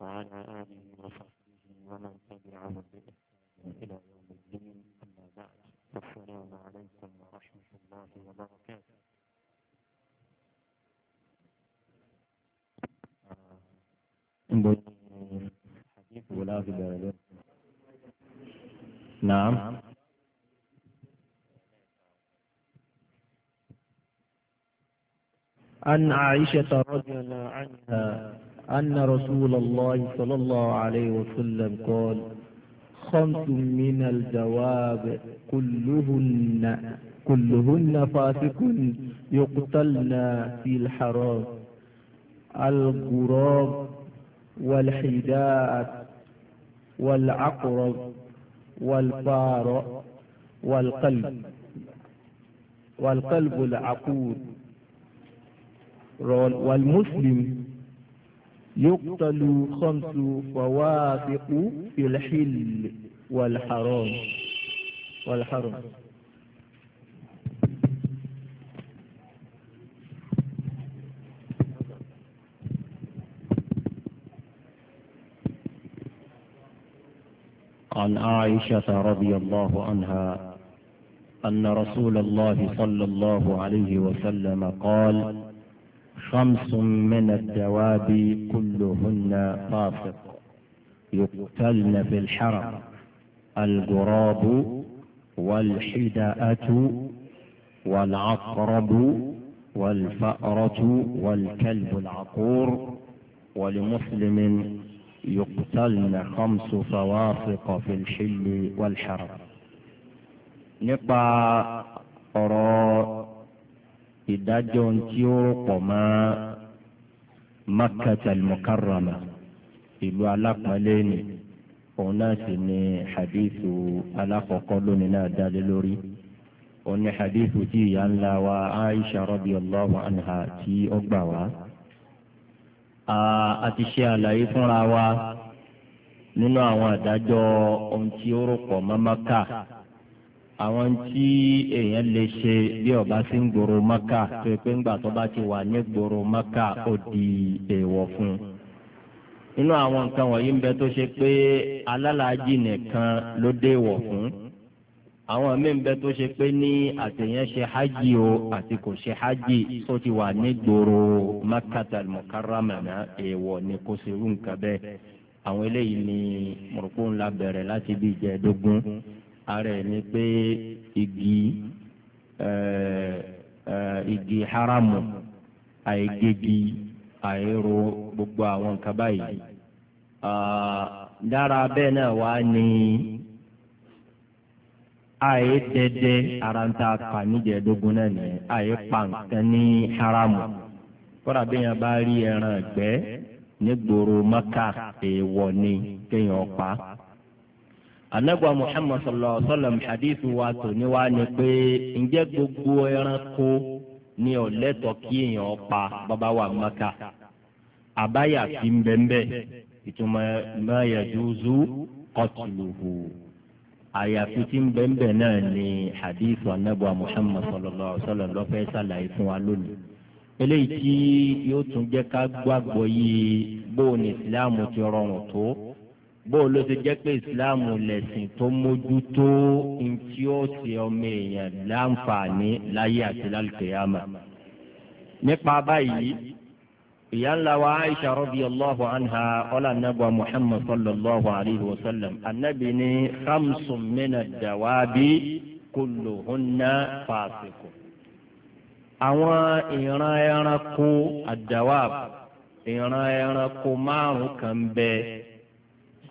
وعلى آله وصحبه ومن تبعهم بإحسان إلى يوم الدين أما بعد السلام عليكم ورحمة الله وبركاته نعم عن عائشة رضي الله عنها أن رسول الله صلى الله عليه وسلم قال خمس من الجواب كلهن كلهن فاسق يقتلن في الحرام الغراب والحداء والعقرب والفار والقلب والقلب العقود والمسلم يقتل خمس فوافق في الحل والحرام والحرام عن عائشة رضي الله عنها أن رسول الله صلى الله عليه وسلم قال خمس من الدواب كلهن طافق يقتلن في الحرم الغراب والحداءة والعقرب والفأرة والكلب العقور ولمسلم يقتلن خمس فوافق في الحل والحرم نقع ìdájọ́ tí ó pọ̀ mọ́ makkata al-mukarrama ìlú alápọ̀nlé ni òun náà sì ni hadithu alákọ̀ọ́kọ́ lónìí náà dálé lórí òun ni hadithu tí ìyá ńlá wa aisha radiyallahu anha tí ó gbà wá. a ti ṣe àlàyé fúnra wa nínú àwọn àdájọ́ ohun tí ó rò mọ́ makkata àwọn tí èèyàn lè ṣe bí ọba sí ń gbòòrò maka tó pé ńgbà tó bá ti wà ní gbòòrò maka ó di èèwọ̀ fún un. nínú àwọn nǹkan wọ̀nyí ń bẹ tó ṣe pé alálàájì nìkan ló dé wọ̀ fún. àwọn míì ń bẹ tó ṣe pé ní àtẹ̀yẹn ṣe hajj o àti kò ṣe hajj tó ti wà ní gbòòrò maka tàlmùkáràmàná èèwọ̀ ni kò sí irú nǹkan bẹ́ẹ̀. àwọn eléyìí ni mọ̀rọ̀kó ńlá bẹ̀rẹ̀ láti bí ìjẹ́ẹ̀dógún. ara ẹ̀ pé igi igi haramu àìgégi àìro gbogbo àwọn nǹkan báyìí dára bẹ́ẹ̀ náà wá ní àyè dẹ́dẹ́ ara ń ta kà náà àyè haramu kọ́ra bí yẹn bá rí ẹran ẹ̀gbẹ́ nígboro ni kéèyàn anagba muhammad sallallahu alaihi wa sallam hadithu wa ni wa ni pé ǹjẹ́ gbogbo ẹranko ni ó lẹ́tọ̀ọ́ kí èèyàn pa bàbá wa maka àbáyà fi ń bẹ́ńbẹ́ ìtumọ̀ ma yajuzu qatluhu àyàfi tí ń bẹ́ńbẹ́ náà ni hadithu anagba muhammad sallallahu alaihi wa sallam lọ́fẹ́ sàlàyé fún wa lónìí eléyìí tí yóò tún jẹ́ ká gbàgbọ́ yìí bóun ìsìláàmù ti rọrùn tó bó ló ti jẹ́ pé ìsìláàmù lẹ̀sìn tó mójútó ntí ó ṣe ọmọ èèyàn láǹfààní láyé àti lálùkèyàmà. nípa báyìí ìyá ńlá wa aisha radiyallahu anha ọlá anábọ̀ muhammad sallallahu alayhi wa sallam anábì ní khamsun mina dawabi kulluhunna fasiqun. àwọn ìran ẹranko àdáwà ìran ẹranko márùn kan bẹ́ẹ̀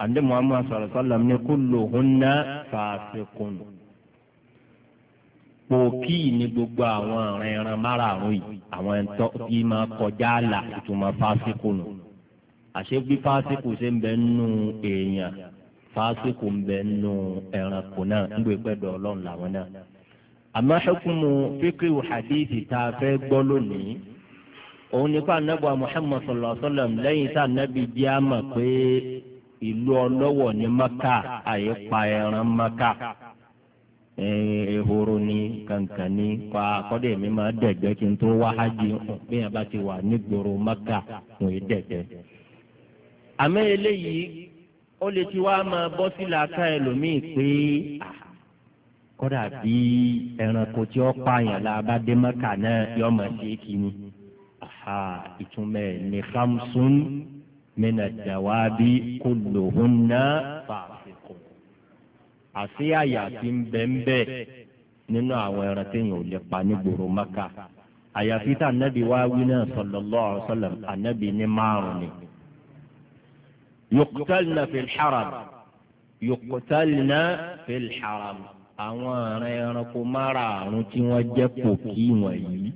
àdé muhammad sọ̀rọ̀ sọ́lá ní kulluhunna fasiqun. pòkì ní gbogbo àwọn ọ̀rẹ́ ẹran márààrún yìí àwọn ẹ̀ńtọ́ kí máa kọjá àlà ìtumọ̀ fasiqun. àṣé bí fásitì ṣe ń bẹ nínú èèyàn fásitì ń bẹ nínú ẹranko náà ń gbé pẹ́ẹ́dọ̀ ọlọ́run làwọn náà. àmọ́ hukumu fíkìrì hadithi tá a fẹ́ gbọ́ lónìí òun nípa anábọ̀ muhammad sọ̀rọ̀ sọ́lá lẹ́yìn tá anábì jẹ́ àmọ̀ pé ìlú ọlọ́wọ̀ ní maka àyípa ẹran maka ehoro ni kankan ni kọ́ akọ́dẹ̀ mi máa dẹ̀gbẹ́ kí n tó wá hajj hàn bí yẹn bá ti wà nígboro maka kò í dẹ̀gbẹ́. àmọ́ eléyìí ó lè ti wá máa bọ́ sílẹ̀ aká ẹlòmíì pé kọ́dà bí ẹranko tí ó pààyàn la bá dé maka náà yọ̀ọ́ máa ṣe é kí ni. ìtumọ̀ ẹ̀ ní hamsun. من الدواب كلهن فاسق àti àyà tí ń bẹ ń bẹ nínú àwọn ẹran téèyàn ò lè pa ní gbòòrò maka àyàfi tá ànábì wá wí náà sallallahu alaihi wasallam ànábì ní márùn ni. yuqtalna fil haram yuqtalna fil haram àwọn ẹran ẹranko márààrún tí wọ́n jẹ́ pòkì wọ̀nyí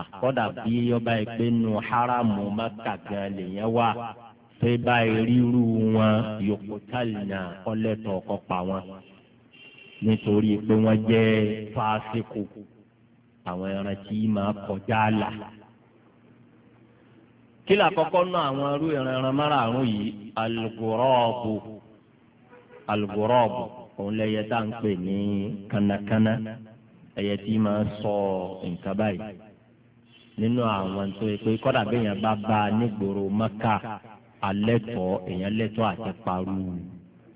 àkọ́dà bí ọba ìpè nu haramu maka gan lèyẹn wà pé báyìí ríru wọn yòókù tàlìnà ọlẹ́tọ̀ ọkọ̀ pa wọn nítorí pé wọ́n jẹ́ fásikù àwọn ẹran tí máa kọjá àlà kí la kọ́kọ́ ná àwọn irú ìrìnrìn márààrún yìí alugorọ́ọ̀bù alugorọ́ọ̀bù òun lẹ́yẹ tá à ń pè ní kánnakánná ẹyẹ tí máa sọ nǹkan báyìí nínú àwọn tó yẹ pé kọ́dà bí èèyàn bá bá a nígboro mọ́kà alẹ́tọ̀ èèyàn lẹ́tọ̀ àti paru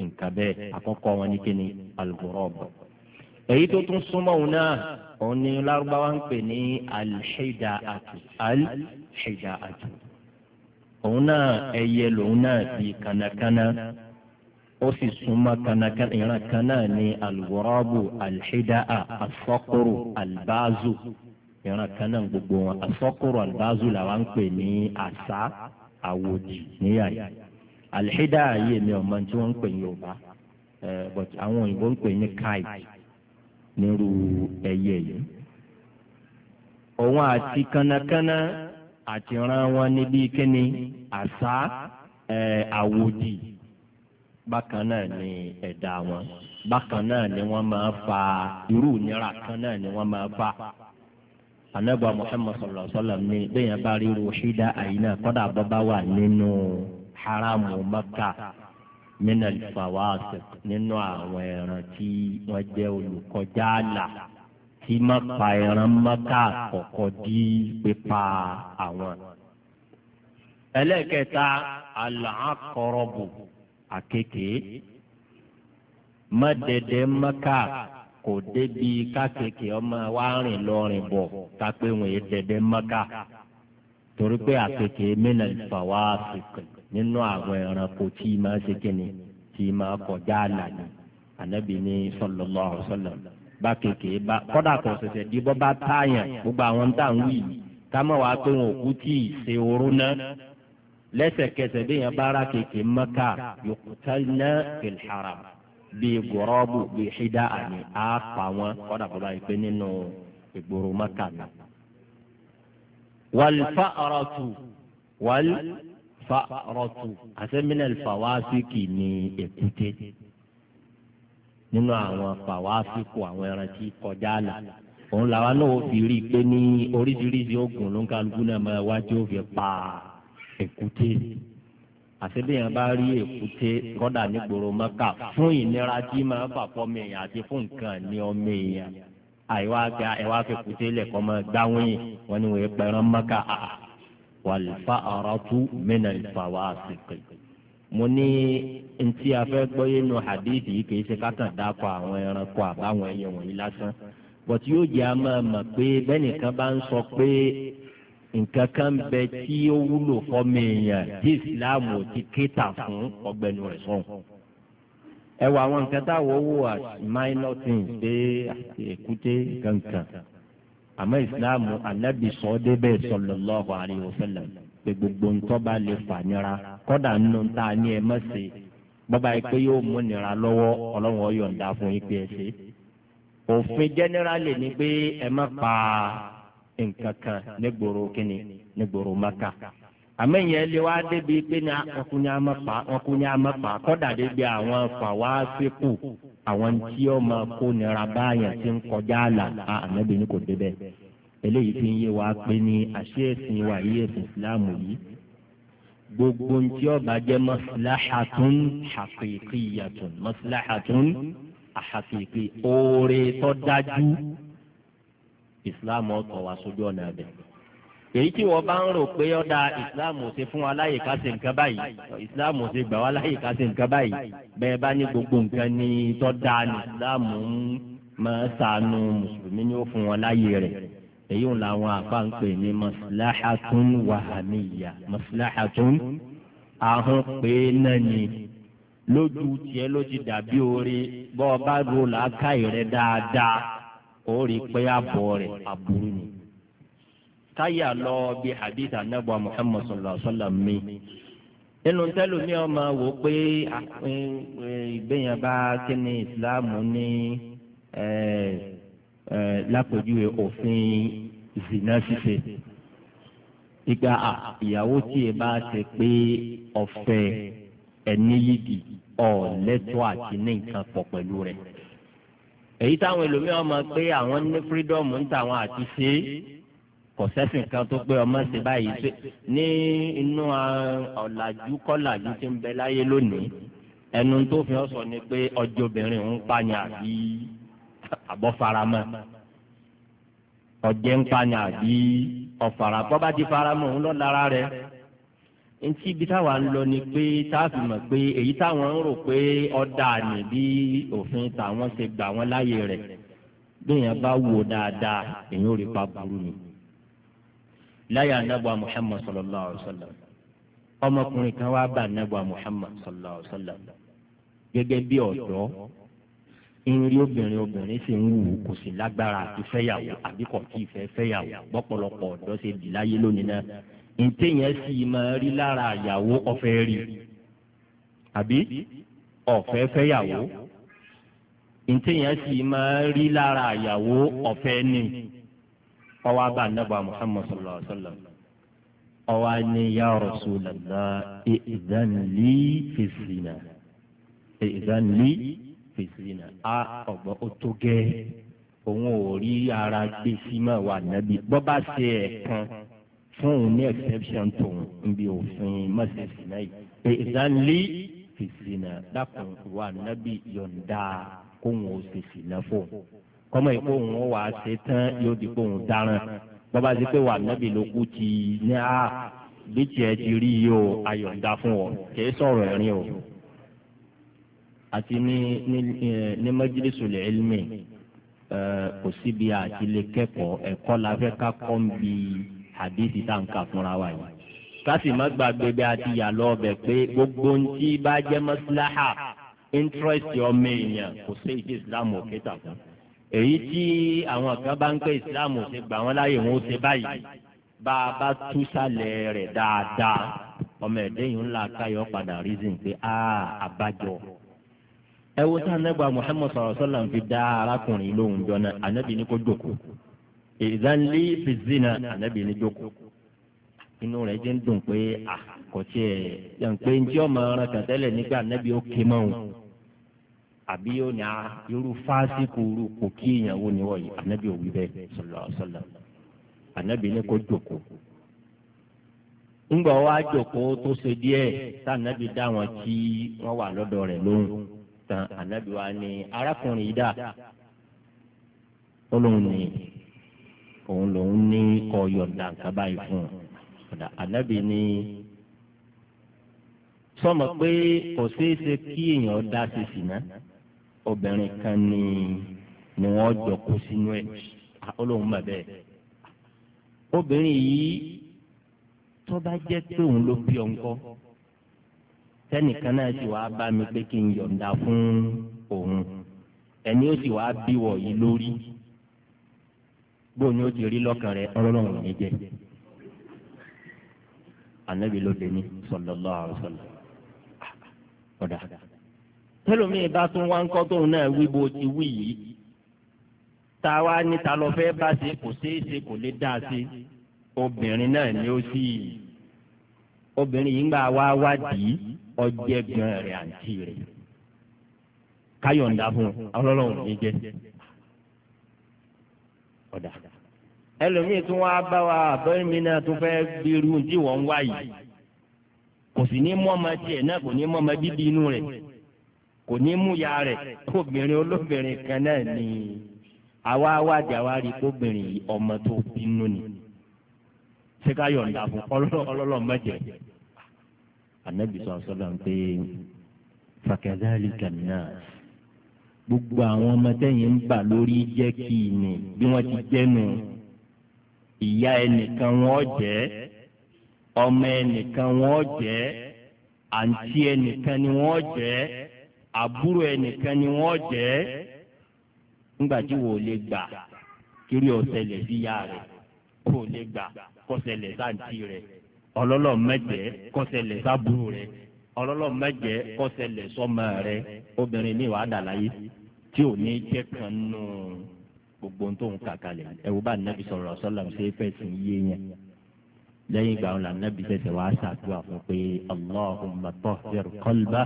nǹkan bẹ́ẹ̀ àkọ́kọ́ wọn ní kíni alugorob. èyí tó tún súnmọ́ òun náà òun ni lárúbáwá ń pè ní alṣèdá àtù alṣèdá àtù. òun náà ẹyẹ lòun náà di kànákànná ó sì súnmọ́ kànákànná ìran kan náà ní alugorob alṣèdá àfọkùrù Al ìran kan náà gbogbo wọn asọ́kùrọ̀ làwọn ń pè ní àṣà àwòdì níyà yìí àlìhídà ayé mi tí wọ́n ń pè ní yorùbá but àwọn òyìnbó ń pè ní kite nírú ẹyẹ yìí òun àti kánnakánná àti ran wọn níbi kíni ni wọn anabi muhammad sallallahu alaihi wa sallam ni bẹ́ẹ̀ yẹn bá rí rúṣídà àyínà kọ́dà bọ́bá wà nínú haramu maka mina fawasik nínú àwọn ẹran tí wọ́n jẹ́ olùkọjá àlà tí má pa ẹran maka kọ̀kọ́ di pípa àwọn. ẹlẹ́kẹta alahakọrọbù àkekèé má maka kò débi kákèké ọmọ wa rìn lọ rìn bọ̀ kápẹ́ wọn yé dẹ̀dẹ̀ mọ́ká torí pé àkèké mẹ́nà ìfà wá sùkè nínú àwọn ẹranko tí máa ṣe kíni tí máa kọjá àlàyé ànábì ní sallallahu alaihi wasallam bá kèké bá kọ́dà kò ṣẹ̀ṣẹ̀ di bọ́ bá táyàn gbogbo àwọn tá à ń wí kámọ́ wàá pé wọn ò kú tí ì ṣe oró náà lẹ́sẹ̀kẹsẹ̀ bí yẹn bá ara kèké mọ́ká yòókù tá ná fil haram bíi gọrọ́bù bíi ṣídà àní á pa wọn kọ́dà bọ́lá yìí pé nínú ìgboro mọ́kànlá. wàl fa'ratu wàl fa'ratu àsẹ́mínà fàwásíkì ní èkúté nínú àwọn fàwásíkù àwọn ẹran tí kọjá là òun làwa náà fi rí i pé ní oríṣiríṣi oògùn ló ń kálukú náà máa wájú ó pa èkúté àti bí yẹn bá rí èkúté kọ́dà nígboro mọ́kà fún ìnira tí máa ń fàpọ̀ mẹ́yìn àti fún nǹkan ní ọmọ èèyàn àìwá ga ẹ̀wá fi kúté lẹ̀kọ́ mọ́ gbáwìn wọn ni wọ́n pẹ̀rán mọ́kà wàlùfà àràtú mẹ́nà ìfàwọ́ àsìkè. mo ní ntí afẹ́ gbọ́yé nu hadith yìí kì í ṣe kákan dákọ̀ àwọn ẹranko àbáwọn ẹyẹ wọ̀nyí lásán bọ̀tí yóò jẹ́ àmọ́ mọ̀ pé bẹ́nìkan bá ń sọ pé nǹkan kan bẹ tí ó wúlò fọmọ èèyàn tí ìsìláàmù ti kéta fún ọgbẹni rẹ sọhùn. ẹ wọ àwọn nǹkan táwọn wò as minor things pé èkúté kankan àmọ́ ìsìláàmù anábì sọ ọ́ débẹ̀ sallallahu alaihi wasallam pé gbogbo ńtọ́ bá lè fà nira kọ́dà nínú ta ni ẹ mọ̀ sí bàbá yìí pé yóò mú nira lọ́wọ́ ọlọ́run ọ̀yọ̀ǹda fún yín pé ẹ ṣe. òfin jẹ́nẹ́rálì ni pé ẹ má pa á nǹkan kan nígboro kínní nígboro maka àmẹ́yìn ẹlẹ́ wá débi pé ní ọkùnrin amẹ́pà kọ́dà débi àwọn fàwáṣẹ́kù àwọn tí ó máa kó nira báyà ti ń kọjá àlà àmẹ́bí ni kò débẹ̀ eléyìí fi ń yé wa pé ní àṣé ẹ̀sìn wa yí ẹ̀sìn ìsìláàmù yìí gbogbo ntí ọba jẹ́ mọ́síláhàtún haqiqiyyatun mọ́síláhàtún haqiqi oore tó dájú ìsìláàmù ọ̀tọ̀ wá sójú ọ̀nà ẹ̀bẹ̀. èyí tí wọ́n bá ń rò pé ọ̀dà ìsìláàmù ò ṣe fún wa láyè ká ṣe nǹkan báyìí ìsìláàmù ò ṣe gbà wá láyè ká ṣe nǹkan báyìí bẹ́ẹ̀ bá ní gbogbo nǹkan ní tọ́ da ní ìsìláàmù ń máa sànù mùsùlùmí ni ó fún wọn láyè rẹ̀ èyí ń làwọn àpá ń pè ní maslahatun wahamiya maslahatun ahun pé náà ni lójú tiẹ̀ ló ti dàbí oore bọ́ bá ro làákàyè rẹ̀ dáadáa ó rí i pé àbọ̀ rẹ̀ aburú ni. táyà lọ bí hadith anabu muhammad sallallahu alaihi wa sallam mi nínú tẹ́lómi ọmọ wò pé ah, ìgbéyàn bá kíni ìsìláàmù ní lápèjúwe òfin zina ṣíṣe ìgbà ah, ìyàwó tí ẹ bá ṣe pé ọ̀fẹ́ ẹni yìí ọ lẹ́tọ́ àti ní nǹkan pọ̀ pẹ̀lú rẹ̀ èyí táwọn ẹlòmíràn máa pé àwọn ní fírídọ́ọ̀mù ń ta àti ṣe kò sẹ́sìn kan tó pé ọmọ ṣe báyìí ṣe ní inú ọ̀làjú kọ́làjú tí ń bẹ láyé lónìí ẹnu tó fi ọ́ ni pé ọjọ́ obìnrin ń pààyàn àbí àbọ̀faramọ́ ọjẹ́ ń pààyàn àbí ọ̀fàràpọ̀ bá ti faramọ́ òun lọ́ọ́ lára rẹ̀ ntí ibi táwa ń lọ ni pé táàfin mọ̀ pé èyí táwọn ń rò pé ọ̀dà ni bí òfin tàwọn ṣe gbà wọ́n láyè rẹ̀ bẹ́ẹ̀yàn bá wò dáadáa èyí ò rí pa burú ni. láyà anábọ̀ Muhammad sallallahu alayhi wa sallam ọmọkùnrin kan wá bá anábọ̀ Muhammad sallallahu alayhi wa sallam gẹ́gẹ́ bí ọ̀dọ́ irin obìnrin obìnrin sì ń wù ú kò sì lágbára àti fẹ́yàwó àbí kò kí ìfẹ́ fẹ́yàwó bọ́pọ̀lọpọ̀ ọ̀dọ́ ṣe dì láyé lónìí náà ntẹ̀yìn sì máa rí lára ìyàwó ọ̀fẹ́ rí àbí ọ̀fẹ́ fẹ́yàwó ntẹ̀yìn sì máa rí lára ìyàwó ọ̀fẹ́ ní ọwọ́ abá anábà Muhammad sallallahu alaihi wa sallam ọwọ́ ni ya Rasulallah ìdán lí fèsìnà ìdán fèsìnà a ọ̀gbọ́n ó tó gẹ́ òun ò rí ara gbèsè máa wà nábì bọ́ bá ṣe ẹ̀ kan fún òun ní exception tòun níbi òfin mọ́sẹ̀sì náà yìí pé ìdánilé fèsì náà dákun wà nábì yọ̀ǹda kóun ó ṣe sì náà fóun kọ́mọ yìí kóun ó wà á ṣe tán yóò di kóun dáràn bọ́bá ti pé wà nábì ló kú ti ní a bí tiẹ̀ ti rí yìí o ayọ̀ǹda fún ọ kìí sọ̀rọ̀ ẹ̀rín o àti ní ní majlisul ilmi kò síbi àti lè kẹ́kọ̀ọ́ ẹ̀kọ́ la fẹ́ ká kọ́ ń bi hadithi tá à ń kà fúnra wa yìí kásì má gbàgbé bí a ti yà lọ ọbẹ̀ pé gbogbo ń tí bá jẹ́ mọ́síláhà interest ọmọ èèyàn kò sí ìdí islam òkè tàbí èyí tí àwọn kan bá ń pè islam ò ṣe gbà wọ́n láàyè wọn ó ṣe báyìí bá a bá tú sálẹ̀ rẹ̀ dáadáa ọmọ ẹ̀dẹ́yìn ńlá káyọ̀ padà reason pé a ah, àbájọ. ẹ wo sáà nẹ́gbàá muhammed sọ̀rọ̀ sọ́lá ń fi dá arákùnrin lóhùn jọ náà ànábì ìdánlé fìzínà ànábì ní joko. inú rẹ̀ jẹ́ ń dùn pé àkọ́tí ẹ̀ yàn pé njẹ́ ọmọ ọ̀ràn kan tẹ́lẹ̀ nígbà ànábì ó ké mọ́ òun àbí yóò ní a irú fásitì irú kò kí ìyàwó ni wọ̀nyí ànábì òwì bẹ́ẹ̀ sọlọ sọlọ ànábì ní kó jókòó ńgbà wá jókòó tó ṣe díẹ̀ tá ànábì dá wọn tí wọ́n wà lọ́dọ̀ rẹ̀ lóhùn tán ànábì wa ní arákùnrin yìí dà ó nìyí. òun lòun ní kọ yọ̀ǹda nǹkan báyìí fún un ní sọmọ pé kò ṣeé ṣe kí èèyàn dá sí obìnrin kan ni wọ́n jọ kó sínú ẹ̀ olóhùn mà obìnrin yìí tó bá jẹ́ pé òun ló bí ọǹkọ náà sì wá bá mi pé kí n yọ̀ǹda fún òun ẹni ó sì wá bí lórí. bó ni ó ti rẹ ọlọ́run ní jẹ anabi ní bá tún wá ń kọ́ tóun náà wí bó ti wí yìí tá a wá lọ fẹ́ bá ṣe kò ṣeé ṣe kò lè dá a obìnrin náà ni ó sì obìnrin yìí ń gbà wá wádìí gan rẹ̀ àǹtí rẹ̀ fún ọlọ́run ní ọ̀dà ẹlòmíì tún wá bá wa àbẹ́rẹ́mi náà tún fẹ́ gbèrú tí wọ́n ń wá yìí kò sì ní mú ọmọ tiẹ̀ náà kò ní mú ọmọ bíbí inú rẹ̀ kò ní mú ya rẹ̀ obìnrin olóbìnrin kan náà ni àwa wájà wa rí kóbìnrin yìí ọmọ tó bínú ni ṣé ká yọ̀ǹda fún ọlọ́lọ́ mẹ́jẹ̀ ànábì sọ́dọ̀ ń pé fàkẹ́dálì kàmínà sí gbogbo àwọn ọmọ tẹ̀yìn ń bà lórí jẹ́ kí ni bí wọ́n ti jẹ́nu ìyá ẹnìkan wọ́n jẹ́ ọmọ ẹnìkan wọ́n jẹ́ àǹtí ẹnìkan ni wọ́n jẹ́ àbúrò ẹnìkan ni wọ́n jẹ́ ńgbà tí wò lè gbà kiri ọ̀sẹ̀lẹ̀ síyá rẹ̀ kò lè gbà kọ́sẹ̀lẹ̀ sáǹtí rẹ̀ ọlọ́lọ́ mẹ́tẹ̀ẹ́ kọ́sẹ̀lẹ̀ sábúrò rẹ̀ ọlọ́lọ́ mẹ́jẹ kọ́sẹ̀lẹ̀ sọ́mọ rẹ obìnrin ní ìwà àdàláyé tí ò ní jẹ́ kan nù gbogbo tó ń kàkàlẹ̀ ẹ̀wù bá nàbì sọ̀rọ̀ sọ́làm ṣe fẹ̀sìn yé yẹn lẹ́yìn ìgbà wọn lànàbì tẹ̀sẹ̀ wá ṣàdúrà fún pé allahumma tahhir qalba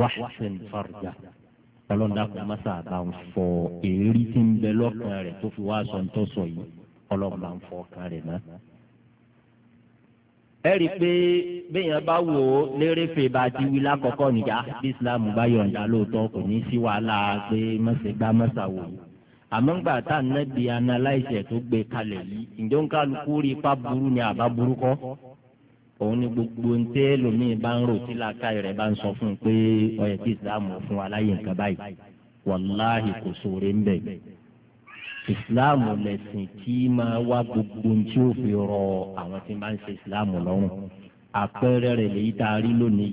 wahsin farja ọlọ́dàkùn mọ́sá bá ń fọ èrí tí ń bẹ lọ́kàn rẹ̀ tó fi wá aṣọ ń tọ́sọ yìí ọlọ́run bá ń fọ ọkàn rẹ̀ náà ẹ rí i pé béèyàn bá wò ó lérèfé bá ti wí lákọ̀ọ́kọ́ nìyá bí islam bá yọ̀ǹda lóòótọ́ kò ní sí wàhálà pé mọ̀sẹ̀ gbá mọ̀sà wò yìí àmọ́ ńgbà tá a ná di analyse tó gbé kalẹ̀ yìí ǹjọ́ ń kálukú rí ipá burú ni àbá burú kọ́ òun ni gbogbo ń tẹ́ lómìn bá ń rò tí làákàyè rẹ̀ bá ń sọ fún un pé ọ̀yẹ̀ tí islam fún wa láyé nǹkan báyìí wàláhì kò sóore ń bẹ̀ ìsìláàmù lẹ̀sìn tí máa wá gbogbo tí ó fi rọ àwọn tí máa ń ṣe ìsìláàmù lọ́rùn àpẹẹrẹ rẹ̀ lèyí tá a rí lónìí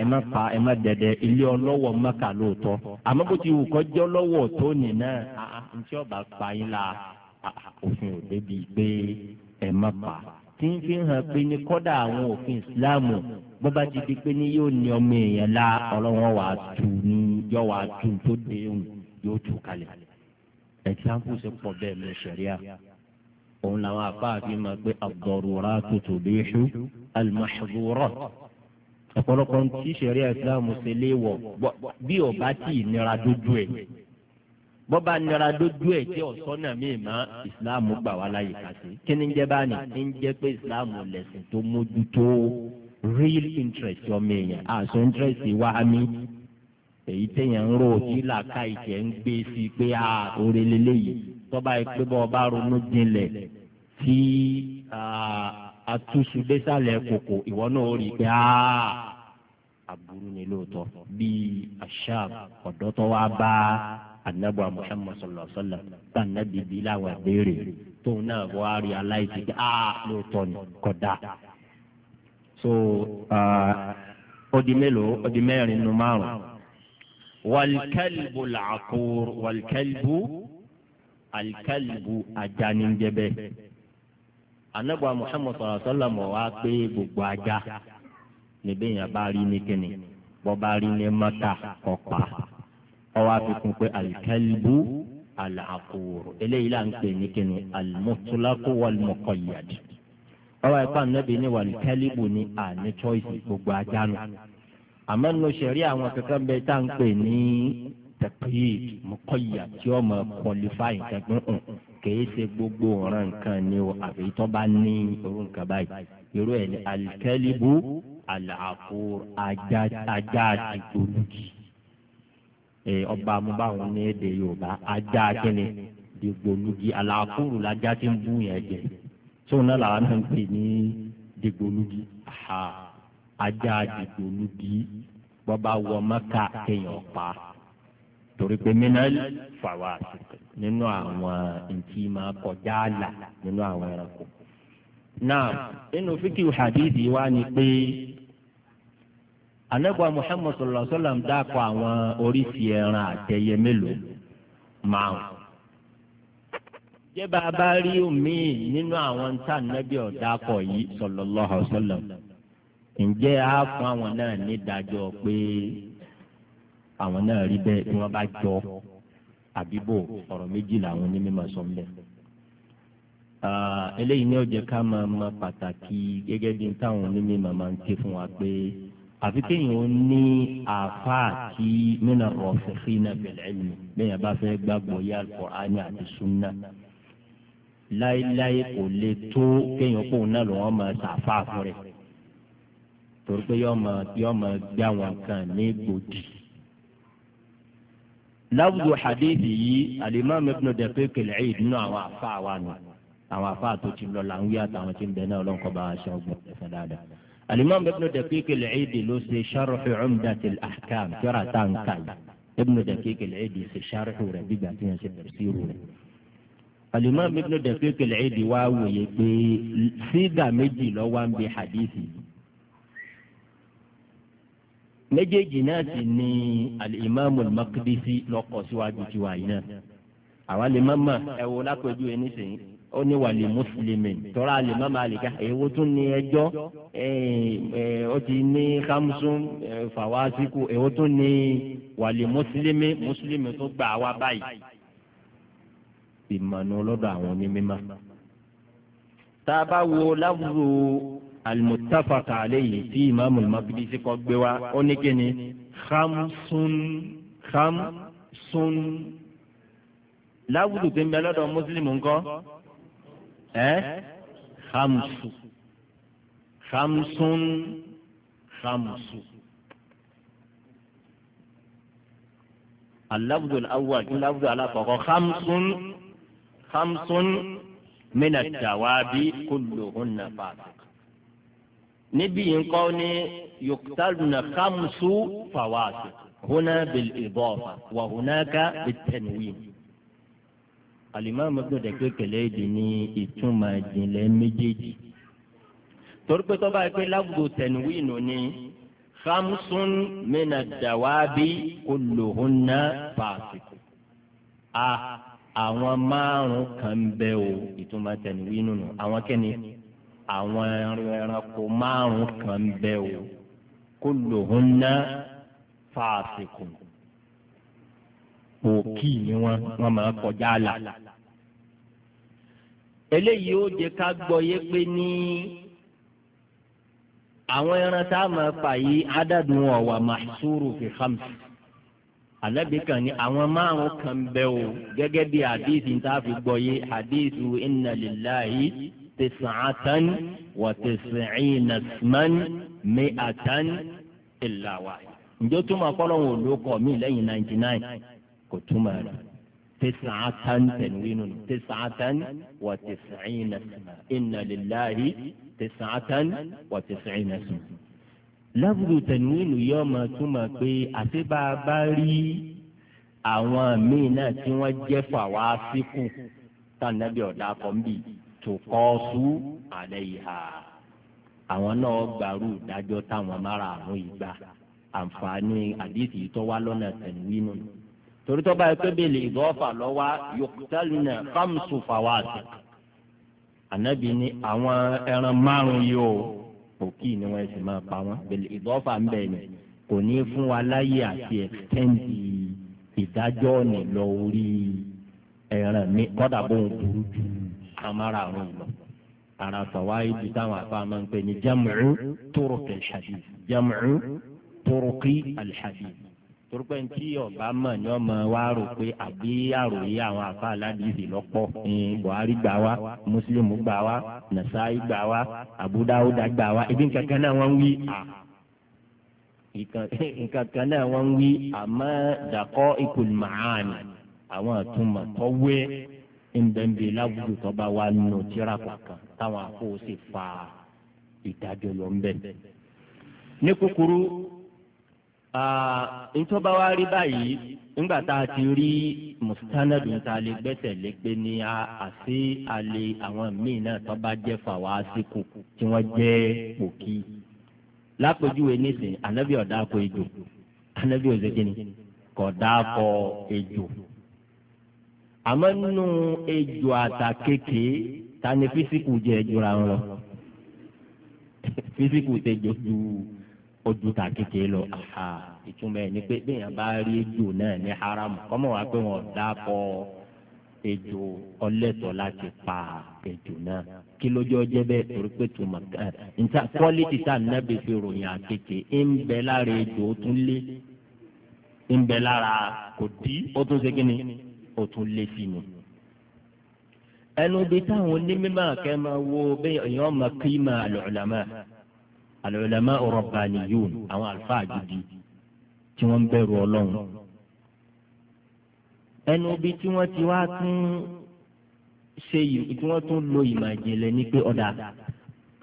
ẹ má pa ẹ má dẹdẹ ilé ọlọ́wọ̀ mẹ́ka lóòótọ́ àmọ́ bó ti wù kọ́ jẹ́ ọlọ́wọ̀ tó nì náà ntí ọba pa yín la òfin ò débi pé ẹ má pa tí ń fi hàn pé ní kọ́dà àwọn òfin ìsìláàmù bó bá ti di pé ní yóò ní ọmọ èèyàn la ọlọ́wọ́n wàá tù ní yọ wàá tù tó dé yóò tù kalẹ̀ example ṣe pọ̀ bẹ́ẹ̀ lọ sẹ̀ríà òun làwọn àfáàfin máa pé ad-daruratu tubihu al-mahdhurat ọ̀pọ̀lọpọ̀ tí sẹ̀ríà islam ṣe léèwọ̀ bí ọba tí ì nira dójú ẹ̀ bọ́ba nira dójú ẹ̀ tí ọ̀sọ́ náà mí ma islam gbà wá láyè kàṣe kí ni ń jẹ́ báyìí ń jẹ́ pé islam lẹ̀sìn tó mójútó real interest ọmọ èèyàn àṣọ interest wa mi èyí téèyàn ń rò tí làákà ìjẹ́ ń gbé sí pé a ah, oore lélẹ́yìí tọ́ba yìí pé bọ́ ọba ronú jinlẹ̀ tí atúnṣu ah, désàlẹ̀ kòkò ìwọ náà rí pé a ah, aburú ni lóòótọ́ bíi ashab ọ̀dọ́ tó wá bá anabuwa muhammad sallallahu alaihi wa sallam tá anabi bí làwọn àbẹ̀rẹ̀ tóun náà wọ́n á rí aláìsí pé a lóòótọ́ ni kódà so ó di mélòó ó di mẹ́rin nu márùn-ún wàlkẹ́lìbù làkúr wàlkẹ́lìbù alikẹ́lìbù ajanijẹbẹ anabu muhammad sallallahu alaihi wa sallam wa pé gbogbo ajá níbí yẹn bá rí ní kíni bọ́ba rí ní mọ́tà ọ̀pá ọwọ́ àfikún pé alikẹ́lìbù alàkúr eléyìí là ń pè ní kíni alimutulaku wàlmọkọyàd ọwọ́ ẹ̀kọ́ anabi ní wàlkẹ́lìbù ní àní choice gbogbo ajá nù àmọ́ nínú sẹ̀rí àwọn kankan bẹ tá à ń pè ní tẹ̀pẹ́yì mọ́kọ́yà tí ó mọ̀ kọlifáì kankan hàn kìí ṣe gbogbo ọ̀ràn nǹkan ni o àfi tó bá ní irú nǹkan báyìí irú ẹ̀ ní alikẹ́líbù àlàfo ajá dìgbòlugi ọba amúbáwọn ní èdè yorùbá ajá kínní dìgbòlugi àlàfóòrò lajá ti ń bú yẹn jẹ tó náà làwọn náà ń pè ní dìgbòlugi ajá àdìgbò lùdí bọ́ba wọ mọ́kà kéèyàn pa torí pé mínàlì fàwa nínú àwọn ntí máa kọjá àlà nínú àwọn ẹranko. náà nínú fíkìú hadithi wa ni pé anagba muhammed sallallahu alaihi wa sallam dákọ àwọn oríṣi ẹran àtẹyẹ mélòó márùn. jẹ́ bá a bá rí omi nínú àwọn ntá nàbí ọ̀dàkọ̀ yìí sallallahu alaihi wa sallam ǹjẹ́ á fún àwọn náà nídàájọ́ pé àwọn náà rí bẹ́ẹ̀ tí wọ́n bá jọ àbíbò ọ̀rọ̀ méjì làwọn onímọ̀ sọ ńlẹ̀. eléyìí ní ó jẹ́ ká máa ma pàtàkì gẹ́gẹ́ bí táwọn onímọ̀ máa ń ké fún wa pé àfi kéèyàn ó ní àáfàá tí nínú rọ̀fẹ̀fínà bẹ̀rẹ̀ ẹ̀mí bẹ́ẹ̀ bá fẹ́ gbàgbọ́ yá al àti súnà láéláé kò lè tó kéèyàn kóun náà lọ́wọ́ máa ṣàfáà fún rẹ̀ torí pé yọọ máa yọọ máa gbé àwọn kan ní gbòdì. láwùjọ hadithi yìí alimami ibn daqiq al-Eid nínú àwọn afa wa nù àwọn afa tó ti lọ là ń wí àtàwọn tí ń bẹ náà ọlọ́nkọ́ bá aṣọ ọgbọ̀n ẹ̀fọn dáadáa. alimami ibn daqiq al-Eid ló ṣe sharh umdat al-ahkam kíra tá n kà yìí ibn daqiq al-Eid ṣe sharh rẹ̀ bígbà tí wọ́n ṣe tafsiru rẹ̀ méjèèjì náà sì ni alimami makidisi lọkọ síwájú tiwa yìí náà àwa lè má mà ẹ wo lápẹjù yẹn nísìnyí ó ní wà lè mùsùlùmí tọ́ra alimami alika èwo tún ní ẹjọ́ ó ti ní kamsun fàwásíkù èwo tún ní wà lè mùsùlùmí mùsùlùmí tó gbà wá báyìí ìmọ̀nà ọlọ́dọ̀ àwọn onímọ̀ tá a bá wo láwùjọ alimutafaka aleyhi tí imaamu makidisi kọ gbé wa ó ní kíni hamsun hamsun láwùjọ tó ń bẹ lọ́dọ̀ mùsùlùmí ńkọ́ ẹ́ hamsu hamsun hamsu. اللفظ الأول اللفظ على فوق خمس خمس من التوابع كلهن فاسق níbí yìí ń kọ́ ní yòkútàlùnà kàmsù fàwáàsì húnà bil idafa wà húnàkà bit tanwin. alimami gbọdọ kékeré di ní ìtumọ̀ ìjìnlẹ̀ méjèèjì torí pé tọ́ba yìí pé lábùdó tanwin ní kàmsùn mina dàwábì kulluhunna a ah, àwọn márùn kan bẹ o ìtumọ̀ tanwin nù àwọn kẹ́ni àwọn ẹranko márùn kan bẹ o kulluhunna fasiqun òkì ni wọn wọn máa kọjá àlà eléyìí ó jẹ ká gbọ́ yé pé ní àwọn ẹran tá a máa fà yìí adádùn ọ̀wà mahsuru fi khamsi kan ní àwọn márùn kan bẹ o gẹ́gẹ́ bí àdìsí tá a fi gbọ́ yé àdìsí inna lillahi tis'atan wa tis'ina isman mi'atan illa wahid. ǹjẹ́ ó túmọ̀ akọ́lọ́hún olóko mi lẹ́yìn ninety nine kò túmọ̀ rẹ̀ tis'atan tanwinun tis'atan wa tis'ina isman inna lillahi tis'atan wa tis'ina isman. lábùdù tanwinu yọ ọmọ túmọ̀ pé àti bá a bá rí àwọn míì náà tí wọ́n jẹ́ fàwa síkù tá a nàbí ọ̀dà kan bíi tukọ́sù àlẹ́yìhà àwọn náà gbàrú ìdájọ́ táwọn márààrún yìí gbà àǹfààní àdìsí tó wá lọ́nà tẹ̀wínú torí tó báyìí pé bèlè ìgọ́fà lọ́wọ́ yòókùtẹ́lùnà fámsù fàwáàtì ànábì ní àwọn ẹran márùn yìí o òkì ni wọ́n sì máa pa wọ́n bèlè ìgọ́fà ń bẹ̀ ni kò ní fún wa láyè àti ẹ̀kẹ́ǹdì ìdájọ́ ọ̀nì lọ orí ẹran mi kọ́dà bóun burú jù ú nǹkan márààrún lọ ara tọ̀wá ibi táwọn afáà máa ń pè ní jam'u turuq al-hadith jam'u turuq al-hadith torúpẹ́ ní tí ọba mọ̀ ní ọmọ wa rò pé àbí àròyé àwọn àfa aládìsí lọ́pọ̀ ní Buhari gbà wá Muslim gbà wá Nasai gbà wá Abu gbà wá ebi nkankan náà wọ́n wí à nkankan náà wọ́n ń wí àmọ́ dàkọ́ ikùn màánì àwọn àtúmọ̀ tọ́wé ńbẹ́ńbẹ́ láwùjọ tó bá wà nù tíra kankan táwọn àpò sì fa ìdájọ́ lọ ńbẹ́. ní kúkúrú ntọ́ba wa rí báyìí nígbà tá a ti rí mustanadu ta lè gbẹ́sẹ̀ lé pé ní àti àlè àwọn míì náà tó bá jẹ́ fàwa síkù tí wọ́n jẹ́ pòkì. lápèjúwe nísìnyí anabi ọ̀dà kọ ejò anabi ọ̀dà kọ ejò àmọ́ nínú ejò àtàkékè ta ni físíkù jẹ jura wọn lọ físíkù tẹ jọ ju ojú tàkékè lọ aha ìtumọ̀ ẹ̀ ni pé bẹ́ẹ̀ bá rí ejò náà ní haramu kọ́mọ̀ wá pé wọ́n dá kọ́ ejò ọlẹ́tọ̀ láti pa ejò náà kí lójó jẹ́ bẹ́ẹ̀ torí pé tuma ẹ̀ níta quality tá nábì fi ròyìn àkékè ń bẹ lára ejò ó tún lé ń bẹ lára kò dí ó tún ṣe kí ni ó tún lé sí ni. ẹnu bíi táwọn onímọ̀ kẹ́ máa wo bẹ́ẹ̀ èèyàn máa kí máa al-ulama al-ulama rabbaniyun àwọn àlùfáà gidi tí wọ́n ń bẹ̀rù ọlọ́run. ẹnu bíi tí wọ́n ti wá tún ṣe tí wọ́n tún lo ìmọ̀ ìjìnlẹ̀ ní pé ọ̀dà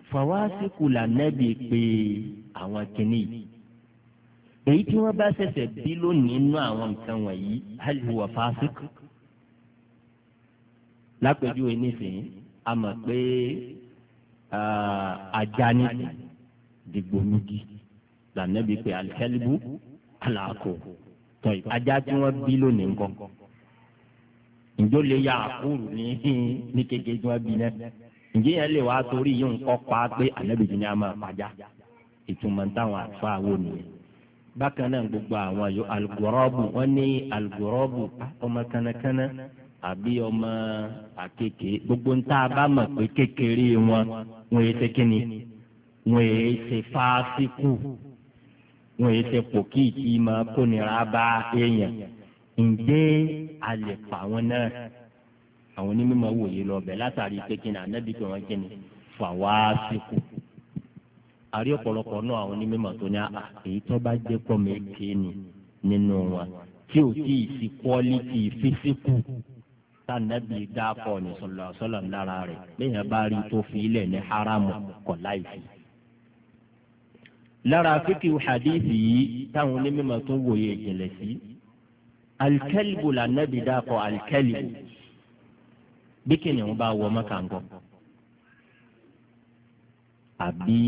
fàwásìkù lànàbì pé àwọn kìnnìyì èyí tí wọ́n bá ṣẹ̀ṣẹ̀ bí lónìí nínú àwọn nǹkan wọ̀nyí hal huwa lápẹjúwe nísìnyí a mọ̀ pé ajá nísìnyí dìgbò méjì lànàbí pé alikẹ́libú aláàkó tọ́ ajá tí wọ́n bí lónìí ńkọ́ njó lè ya àkúrú ní ní kékeré tí wọ́n bí náà njẹ́ yẹn lè wá torí yìí ńkọ́ pa pé ànábì tí ní a máa pàjá ìtumọ̀ táwọn àfa wò nìyẹn bákan náà gbogbo àwọn alugọ́rọ́bù wọ́n ní alugọ́rọ́bù ọmọ kánnakánná àbí ọmọ àkekè gbogbo ńta bá mọ̀ pé kékeré wọn wọn èé ṣe kíni wọn èé ṣe fásikù wọn èé ṣe pòkì tí máa kónira bá èèyàn ǹjẹ́ a lè pa wọn náà àwọn onímọ̀ wòye lọ bẹ̀ látàrí pé kíni ànábì pé wọ́n kíni fàwásikù àrí ọ̀pọ̀lọpọ̀ náà àwọn onímọ̀ tó ní àà ah, ah, èyí tó bá jẹ́ pọ̀ mẹ́kẹ́ ni nínú wọn tí ò tí ì sí quality físíkù tànàbí dákọ̀ ní sallallahu alaihi wasallam lára rẹ̀ lẹ́yìn bá rí tó fi ilẹ̀ ní haramu kọ̀ láìsí. lára fíkì hadithi yìí táwọn onímọ̀ tó wòye ìjìnlẹ̀ sí alikẹ́lìbù lànàbí dákọ̀ alikẹ́lìbù bí kìnìún bá wọ mọ́kàngọ́ àbí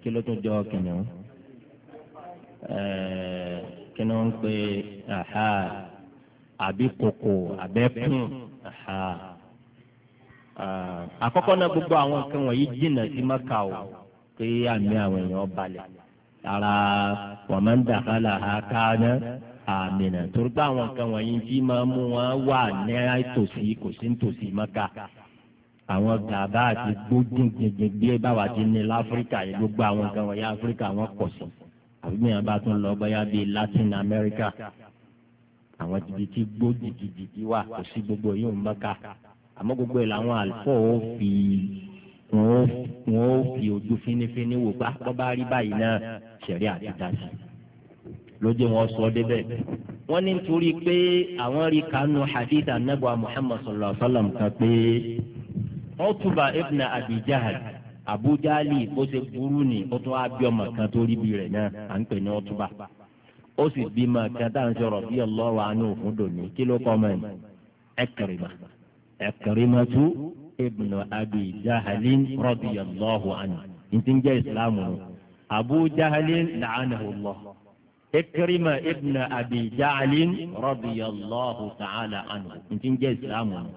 kí ló tún jọ kìnìún kìnìún pé aha àbí kòkò àbẹ́kùn àkọ́kọ́ náà gbogbo àwọn nǹkan wọ̀nyí jìnnà sí mọ́kà o pé àmì àwọn èèyàn balẹ̀ ara wọ́n máa ń dàgbàlà ha káná àmìnà torí pé àwọn nǹkan wọ̀nyí tí máa mú wọn wà ní àìtòsí kò sí nítòsí mọ́kà àwọn gàba àti gbógun gbẹgbẹgbẹ bí báwa ti ní láfíríkà yìí gbogbo àwọn nǹkan wọ̀nyí áfíríkà wọn pọ̀ sí àbí mi àbá tún lọ bóyá bíi Latin America àwọn jìbìtì gbó jìbìtì wà kò sí gbogbo yìí ń mẹ́ka àmọ́ gbogbo ẹ̀ làwọn àlùfọ́ ò fi wọn ò fi ojú fínífíní wò bá ah, bọ́ bá rí báyìí náà ṣẹ̀rí àti dási lójú wọn sọ débẹ̀ wọ́n ní nítorí pé àwọn rí kánú hadith anabuwa muhammad sallallahu alaihi wa sallam kan pé ọtúbà ibn abi jahal abu jahali bó ṣe burú ni ó tún á bí ọmọ kan tó rí bí rẹ̀ náà à ń pè ní ọtúbà. ó sì bí ma kí ata ń sọ̀rọ̀ bí ọlọ́wà ní òfin dòní kí ló kọ́ mẹ́rin ẹkẹrìmà ẹkẹrìmà tú ibùnà abi jahalin rọ́bì radiyallahu anhu ntí ń jẹ́ ìsìlámù nù abu jahalin la'anahu Allah ẹkẹrìmà ibùnà abi jahalin rọ́bì radiyallahu ta'ala anhu ntí ń jẹ́ ìsìlámù nù.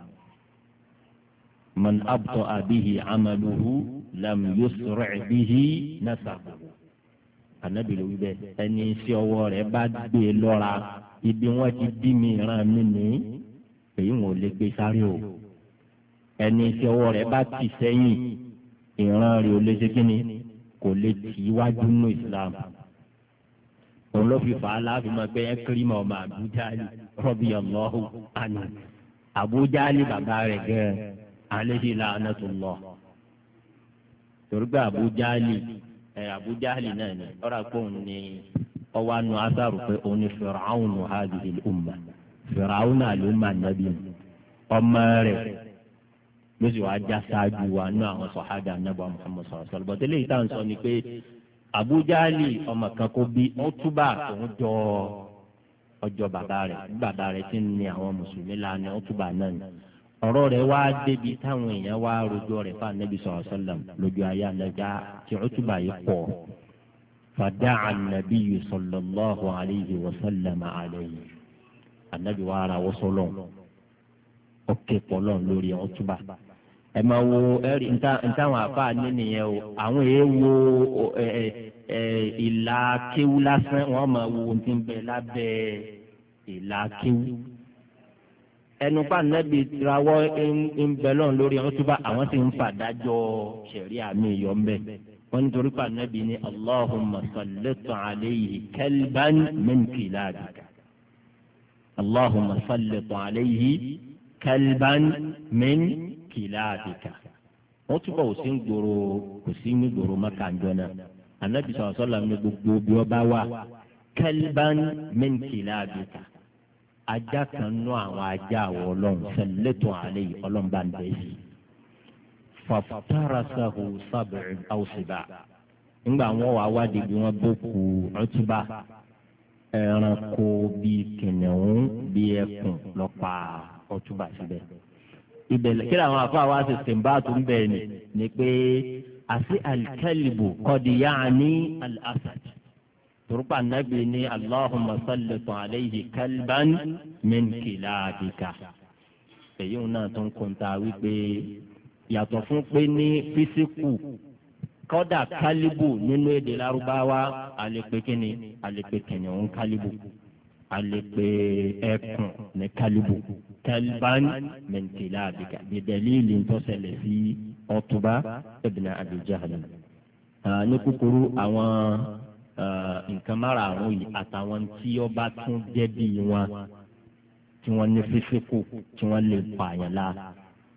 man abtọ abihi amaluhu lam yusri bihi nasabu. ànábì ló wí bẹ́ẹ̀ ẹni iṣẹ́ ọwọ́ rẹ̀ bá gbé e lọ́ra ibi wọ́n ti bí mi ràn mí ní èyí wọn ò lè gbé sáré o ẹni iṣẹ́ ọwọ́ rẹ̀ bá tì sẹ́yìn ìran rẹ̀ ò lè ṣe kíni kò lè tì wájú nínú Islam òun ló fi fà á láàfin máa gbé yẹn kiri ma ọmọ abujali rọbì ọlọ́hu àná abujali bàbá rẹ̀ gẹ́ẹ́ alẹ́ sí ilà anatollah torí pé abujali. Abu Jahli náà ni ọ̀rọ̀ àgbọ̀n ni ọwọ́ anu asaru pé òun ni Fir'aunu hadhihi al-umma Fir'aunu al-umma nàbí ọmọ rẹ̀ ló sì wáá já sáájú wa nú àwọn sọ̀hádà anábọ̀ Muhammad sallallahu alaihi wasallam bọ̀dẹ́lẹ̀ yìí tá à ń sọ ni pé Abu Jahli ọmọ kan kó bí ọtúbà òun jọ ọjọ́ bàbá rẹ̀ bàbá rẹ̀ ti ń ní àwọn mùsùlùmí lánàá ọtúbà náà ọ̀rọ̀ rẹ̀ wá débi táwọn èèyàn wá rojọ́ rẹ̀ fún anabi sọ̀rọ̀ sọ́lẹ̀m lójú ayé alága tí ó túbà yìí pọ̀ fàdá anabi yìí sọ̀lọ́láhu alayhi wa sọ̀lẹ̀m alayhi anabi wa ara wọ́sọ̀lọ́n ó ké pọ̀lọ́n lórí ọ̀ túbà. ẹ máa wo ẹ̀rí ntáwọn àfa ní nìyẹn o àwọn èèyàn wo ìlà kéwú lásán wọ́n máa wo ohun tí ń bẹ lábẹ́ ìlà kéwú ẹnupa nẹbi tirawọ ńbẹlọ lórí ọtúbà àwọn sì ń fàdájọ sẹríà mi yọ mbẹ wọn nítorí pa nẹbi ní allahumma sallẹtọ aleyhi kẹlban mẹnkìláàdìkà allahumma sallẹtọ aleyhi kẹlban mẹnkìláàdìkà wọn túbọ̀ kò sí ń gbòòrò kò sí ń gbòòrò mọ́kà ń anabi sọ̀rọ̀ sọ́la ní gbogbo bí ọba wa kẹlban mẹnkìláàdìkà ajá kan nú àwọn ajá àwọn ọlọ́run sẹ́lẹ̀tọ̀ àlẹ́ yìí ọlọ́run bá ń bẹ̀ sí i. fàtàràsàhù sábẹ̀rẹ̀ àwòsíbà ńgbà wọn wà wádìí bí wọn bó ku ọtúbà ẹranko bíi kìnìún bíi ẹkùn lọ́pa ọtúbà síbẹ̀. ibẹ̀ kí làwọn afọ àwa ṣe sèǹbàtò ń bẹ̀ ni ni pé àti alikẹ́lìbù kọ́díyà ní alásàdì turupa nabi ni allahumma sallitu alayhi kalban min kilabika èyí ń náà tún kúnta wípé yàtọ̀ fún pé ní físíkù kọ́dà kálíbù nínú èdè lárúbáwá àlepé kíni àlepé kìnìún kálíbù àlepé ẹkùn ní kálíbù kalban mẹ̀ntìlá àbíkà bìdẹ̀lìlì ń sí ọtúbá ibn Abi Jahl. ní kúkúrú àwọn Eh, nǹkan márààrún yìí àtàwọn tí ọba tún jẹ́ bí wọn tí wọ́n ní fífíkù tí wọ́n lè pààyàn la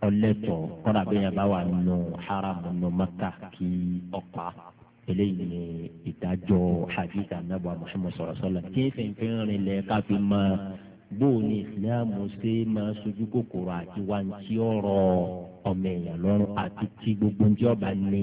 ọlẹ́tọ̀ kọ́ra bí yẹn bá wà nínú haramu nínú maka kí ọ̀pá eléyìí ni ìdájọ́ hadith anabu muhammad sọ̀rọ̀ sọ́lá kí n fìfín rinlẹ̀ ká fi mọ bóò ní ìsìláàmù ṣe máa sojú kòkòrò àti wáńtí ọ̀rọ̀ ọmọ èèyàn lọ́rùn àti ti gbogbo ń jọba ní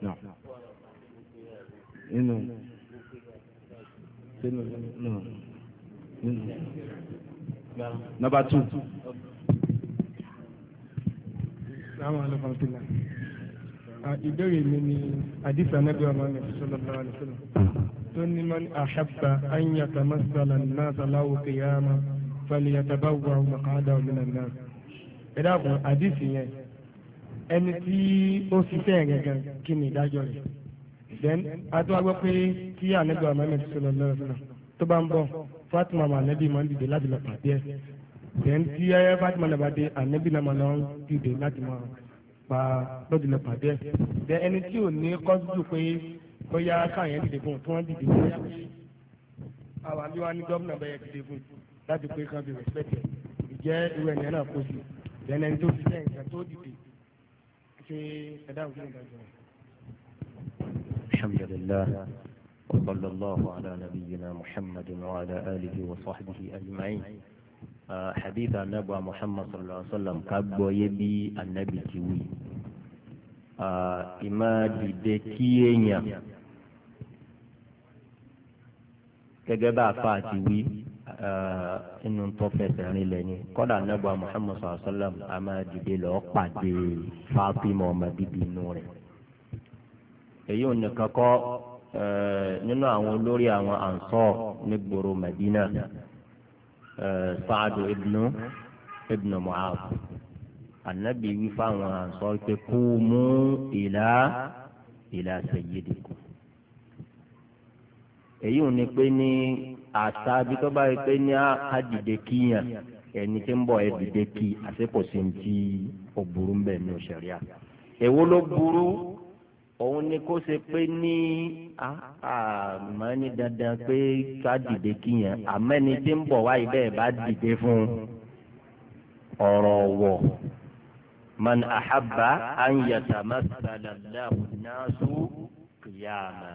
nínú nínú nínú nọ́mbà two. Assalamu alaikum tila. Ah, ìbéèrè mi ni Adisa Nabi Muhammad sallallahu alaihi wasallam. Tó ní man ahabba an yatamassala an-nasa lahu qiyama falyatabawwa maq'adahu minan nar. Ẹ dákun, Adisi yẹn ẹni tí ó ṣiṣẹ́ gẹ́gẹ́ kí ni ìdájọ́ rẹ̀ then adúlá gbọ́ pé tí ànábì Muhammad sallallahu alaihi wasallam tó bá ń bọ̀ Fatima ànábì máa ń dìde láti lọ pàdé ẹ̀ then tí ayé Fatima náà bá dé ànábì náà máa lọ dìde láti máa pa lọ́dún lọ pàdé ẹ̀ then ẹni tí ò ní kọ́sùtù pé bóyá káyọ̀ dìde fún un tí wọ́n dìde fún un àwọn àbí wa ní gómìnà bẹ́ẹ̀ dìde fún un láti pé kan fi respect then ẹni tó fi ṣe لله òkú وصلى الله على نبينا محمد وعلى آله وصحبه أجمعين حديث النبي محمد صلى الله عليه وسلم كبو يبي النبي كوي إما dìde kí èèyàn Eh, inú tó fẹsẹ̀ rin lẹ̀ ni kọ́dà nàbà muhammad sallallahu alayhi wa sallam a máa dìde lọ́ọ́ pàdé fatima ọmọ bíbí inú rẹ̀ èyí ò ní kankọ́ eh, nínú àwọn olórí àwọn ansar ní gbòòrò madina eh, saadu ibnu ibnu mu'az anabi wí fáwọn ansar pé kú mú ìlà ìlà sayyidikum èyí ò ní pé ní àṣà bí tó bá rí pé ní a dìde kíyàn ẹni tí ń bọ̀ ẹ dìde kí àsìkò sí ń ti ó burú ń bẹ̀ ní òṣèré à. èwo ló burú òun ni kó ṣe pé ní àmọ́ ní dandan pé ká dìde kíyàn àmọ́ ẹni tí ń bọ̀ wáyé bẹ́ẹ̀ bá dìde fún ọ̀rọ̀ wọ̀ man ahabba an yatamassalallahu nasu qiyama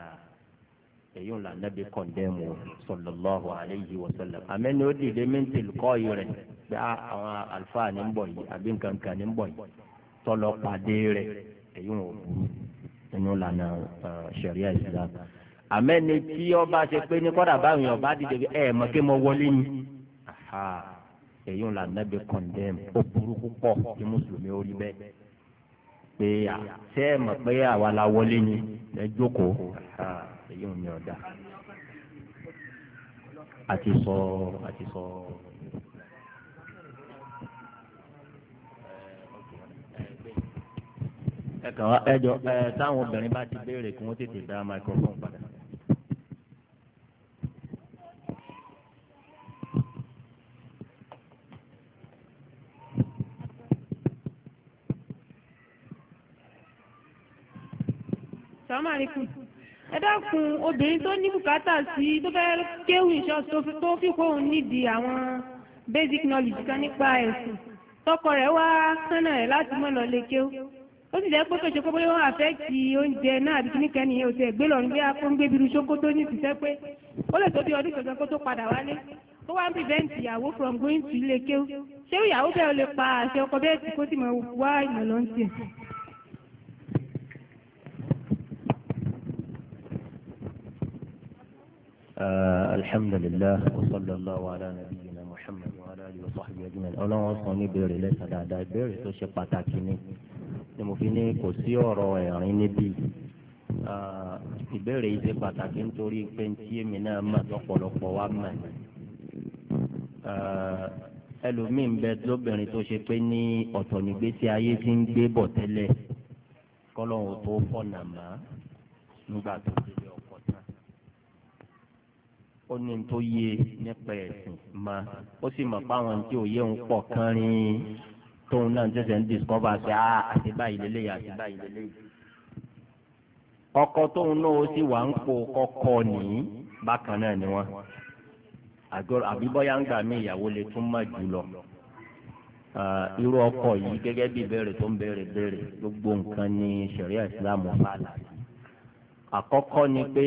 èyí ńlá nàbí kọ̀ndẹ́mù sallallahu alayhi wa sallam àmẹ́ni ó dìde mẹ́ntìl kọ́ọ̀yì rẹ̀ pé àwọn àlùfáà ní ń bọ̀ yìí àbí nǹkan ní ń bọ̀ yìí tọ́lọ́ pàdé rẹ̀ èyí ńlá burú nínú ìlànà ṣẹ̀ríà Islam àmẹ́ni tí ọba ṣe pé ní kọ́dà báwọn èèyàn bá dìde ẹ̀ mọ̀ kí mo wọlé ni èyí ńlá nàbí kọ̀ndẹ́mù ó burú púpọ̀ kí mùsùlùmí ó bẹ́ẹ̀ pé ṣé mọ̀ pé àwa la wọlé ni ẹ jókòó èyí ò ní ọ̀dà àti sọ àti sọ. ẹ kàn wá ẹ jọ ẹ táwọn obìnrin bá ti béèrè kí wọ́n tètè dá microphone padà. Assalamu alaikum ẹ dákun obìnrin tó ní bùkátà sí tó fẹ́ kéwì ṣọ́ọ̀ṣì tó fi kóun nídìí àwọn basic knowledge kan nípa ẹ̀sìn tọkọ rẹ̀ wá sánà rẹ̀ láti mọ̀ lọ lè kéwù ó sì jẹ́ pé kò ṣe kó bóyá wọ́n àfẹ́ẹ̀tì oúnjẹ náà àbí kíníkẹ́ nìyẹn ò tẹ̀ gbé lọ́rùn bí akó ń ṣókótó ní ìfisẹ́ pé ó lè tó bí ọdún kankan kó tó padà wálé ó wá ń prevent ìyàwó from going to ilé kéwù ṣé ìyàwó bẹ́ẹ̀ lè pa àṣẹ ọkọ bẹ́ẹ̀ tí kó sì mọ̀ wá ìmọ̀ alhamdulillah wa sallallahu ala nabiyyina muhammad wa ala alihi wa sahbihi ajma'in ọlọ́run sọ ní ìbéèrè lẹ́sàn dáadáa ìbéèrè tó ṣe pàtàkì ni ni mo fi ní kò sí ọ̀rọ̀ ẹ̀rín níbí ah, ìbéèrè yìí ṣe pàtàkì nítorí pé tí èmi náà mà lọ́pọ̀lọpọ̀ wa mà ní ẹlòmíì ń bẹ lóbìnrin tó ṣe pé ní ọ̀tọ̀ nígbésí ayé ti ń gbé bọ̀ tẹ́lẹ̀ kọ́lọ́hún tó fọ̀nà mọ́ nígbà tó ó ní tó yé nípa ẹ̀sìn ma ó sì mọ̀ páwọn tí ò yé òun pọ̀ kán ní tóun náà ṣẹ̀ṣẹ̀ ń discover pé a ah, àti báyìí lélẹ́yìí àti báyìí lélẹ́yìí. ọkọ tóun náà ó sì wà ń po kọ́kọ́ nìyí bákan náà ni wọ́n àbí bọ́yá ń gbà mí ìyàwó lè tún mọ̀ jù lọ. irú ọkọ yìí gẹ́gẹ́ bí ìbéèrè tó ń béèrè béèrè gbogbo nǹkan ní ṣẹ̀ríà ìsìlámù fàlàyé àkọ́kọ́ ni pé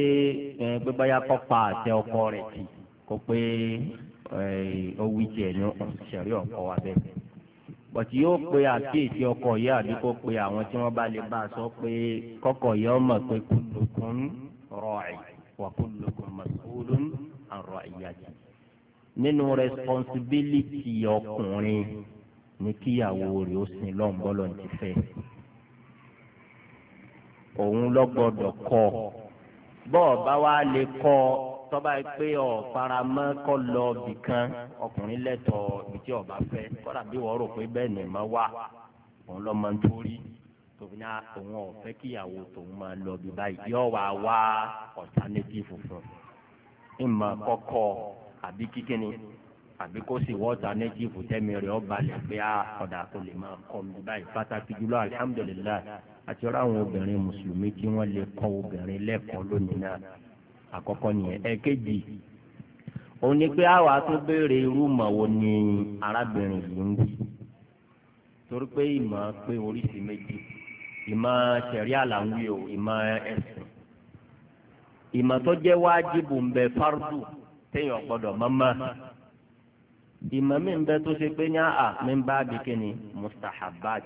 pé báyà kọ́ pa àtẹ ọkọ rẹ̀ tì kó pé owó tiẹ̀ ní ṣẹ̀rí ọkọ wa bẹ́ẹ̀. bọ̀tí yóò pe àkíyèsí ọkọ yìí àbí kó pe àwọn tí wọ́n bá lè bá a sọ pé kọ́kọ̀ yìí ọmọ pé kullukum ra'i wa kullukum mas'ulun an ra'iyati. nínú responsibility ọkùnrin ní kíyàwó rẹ̀ ó sin lọ́nbọ́lọ́ ti fẹ́ òun ló gbọ́dọ̀ kọ́ bọ́ọ̀ bá wá lè kọ́ tọ́ba pé ọ̀ faramọ́ kọ́ lọ bìkan ọkùnrin lẹ́tọ̀ọ́ ibi tí ọba fẹ́ kọ́dà bí wọ́n rò pé bẹ́ẹ̀ ni ma wà òun lọ́ máa ń torí tòun náà òun ọ̀fẹ́ kíyàwó tòun máa lọ bí báyìí yóò wá wá alternative fún ìmọ̀ kọ́kọ́ àbí kíkíni àbí kó sì wọ́ alternative tẹ́mi rẹ̀ ọ̀ balẹ̀ pé ọ̀dà lè máa kọ́ mi báyìí pàtàkì jùlọ alihamudulilayi àti ọ̀rọ̀ àwọn obìnrin mùsùlùmí tí wọ́n lè kọ́ obìnrin lẹ́kọ̀ọ́ lónìí náà àkọ́kọ́ nìyẹn ẹ̀kejì òun ni pé àwa tó béèrè irú ìmọ̀ wo ni arábìnrin yìí ń wí torí pé ìmọ̀ pé oríṣi méjì ìmọ̀ ṣẹ̀ríà là ń wí o ìmọ̀ ẹ̀sìn ìmọ̀ tó jẹ́ wájibù ń bẹ fárúdù téèyàn gbọ́dọ̀ mọ́mọ́ ìmọ̀ mi ń bẹ tó ṣe pé ní àà ń bá bí kíni mustahabbat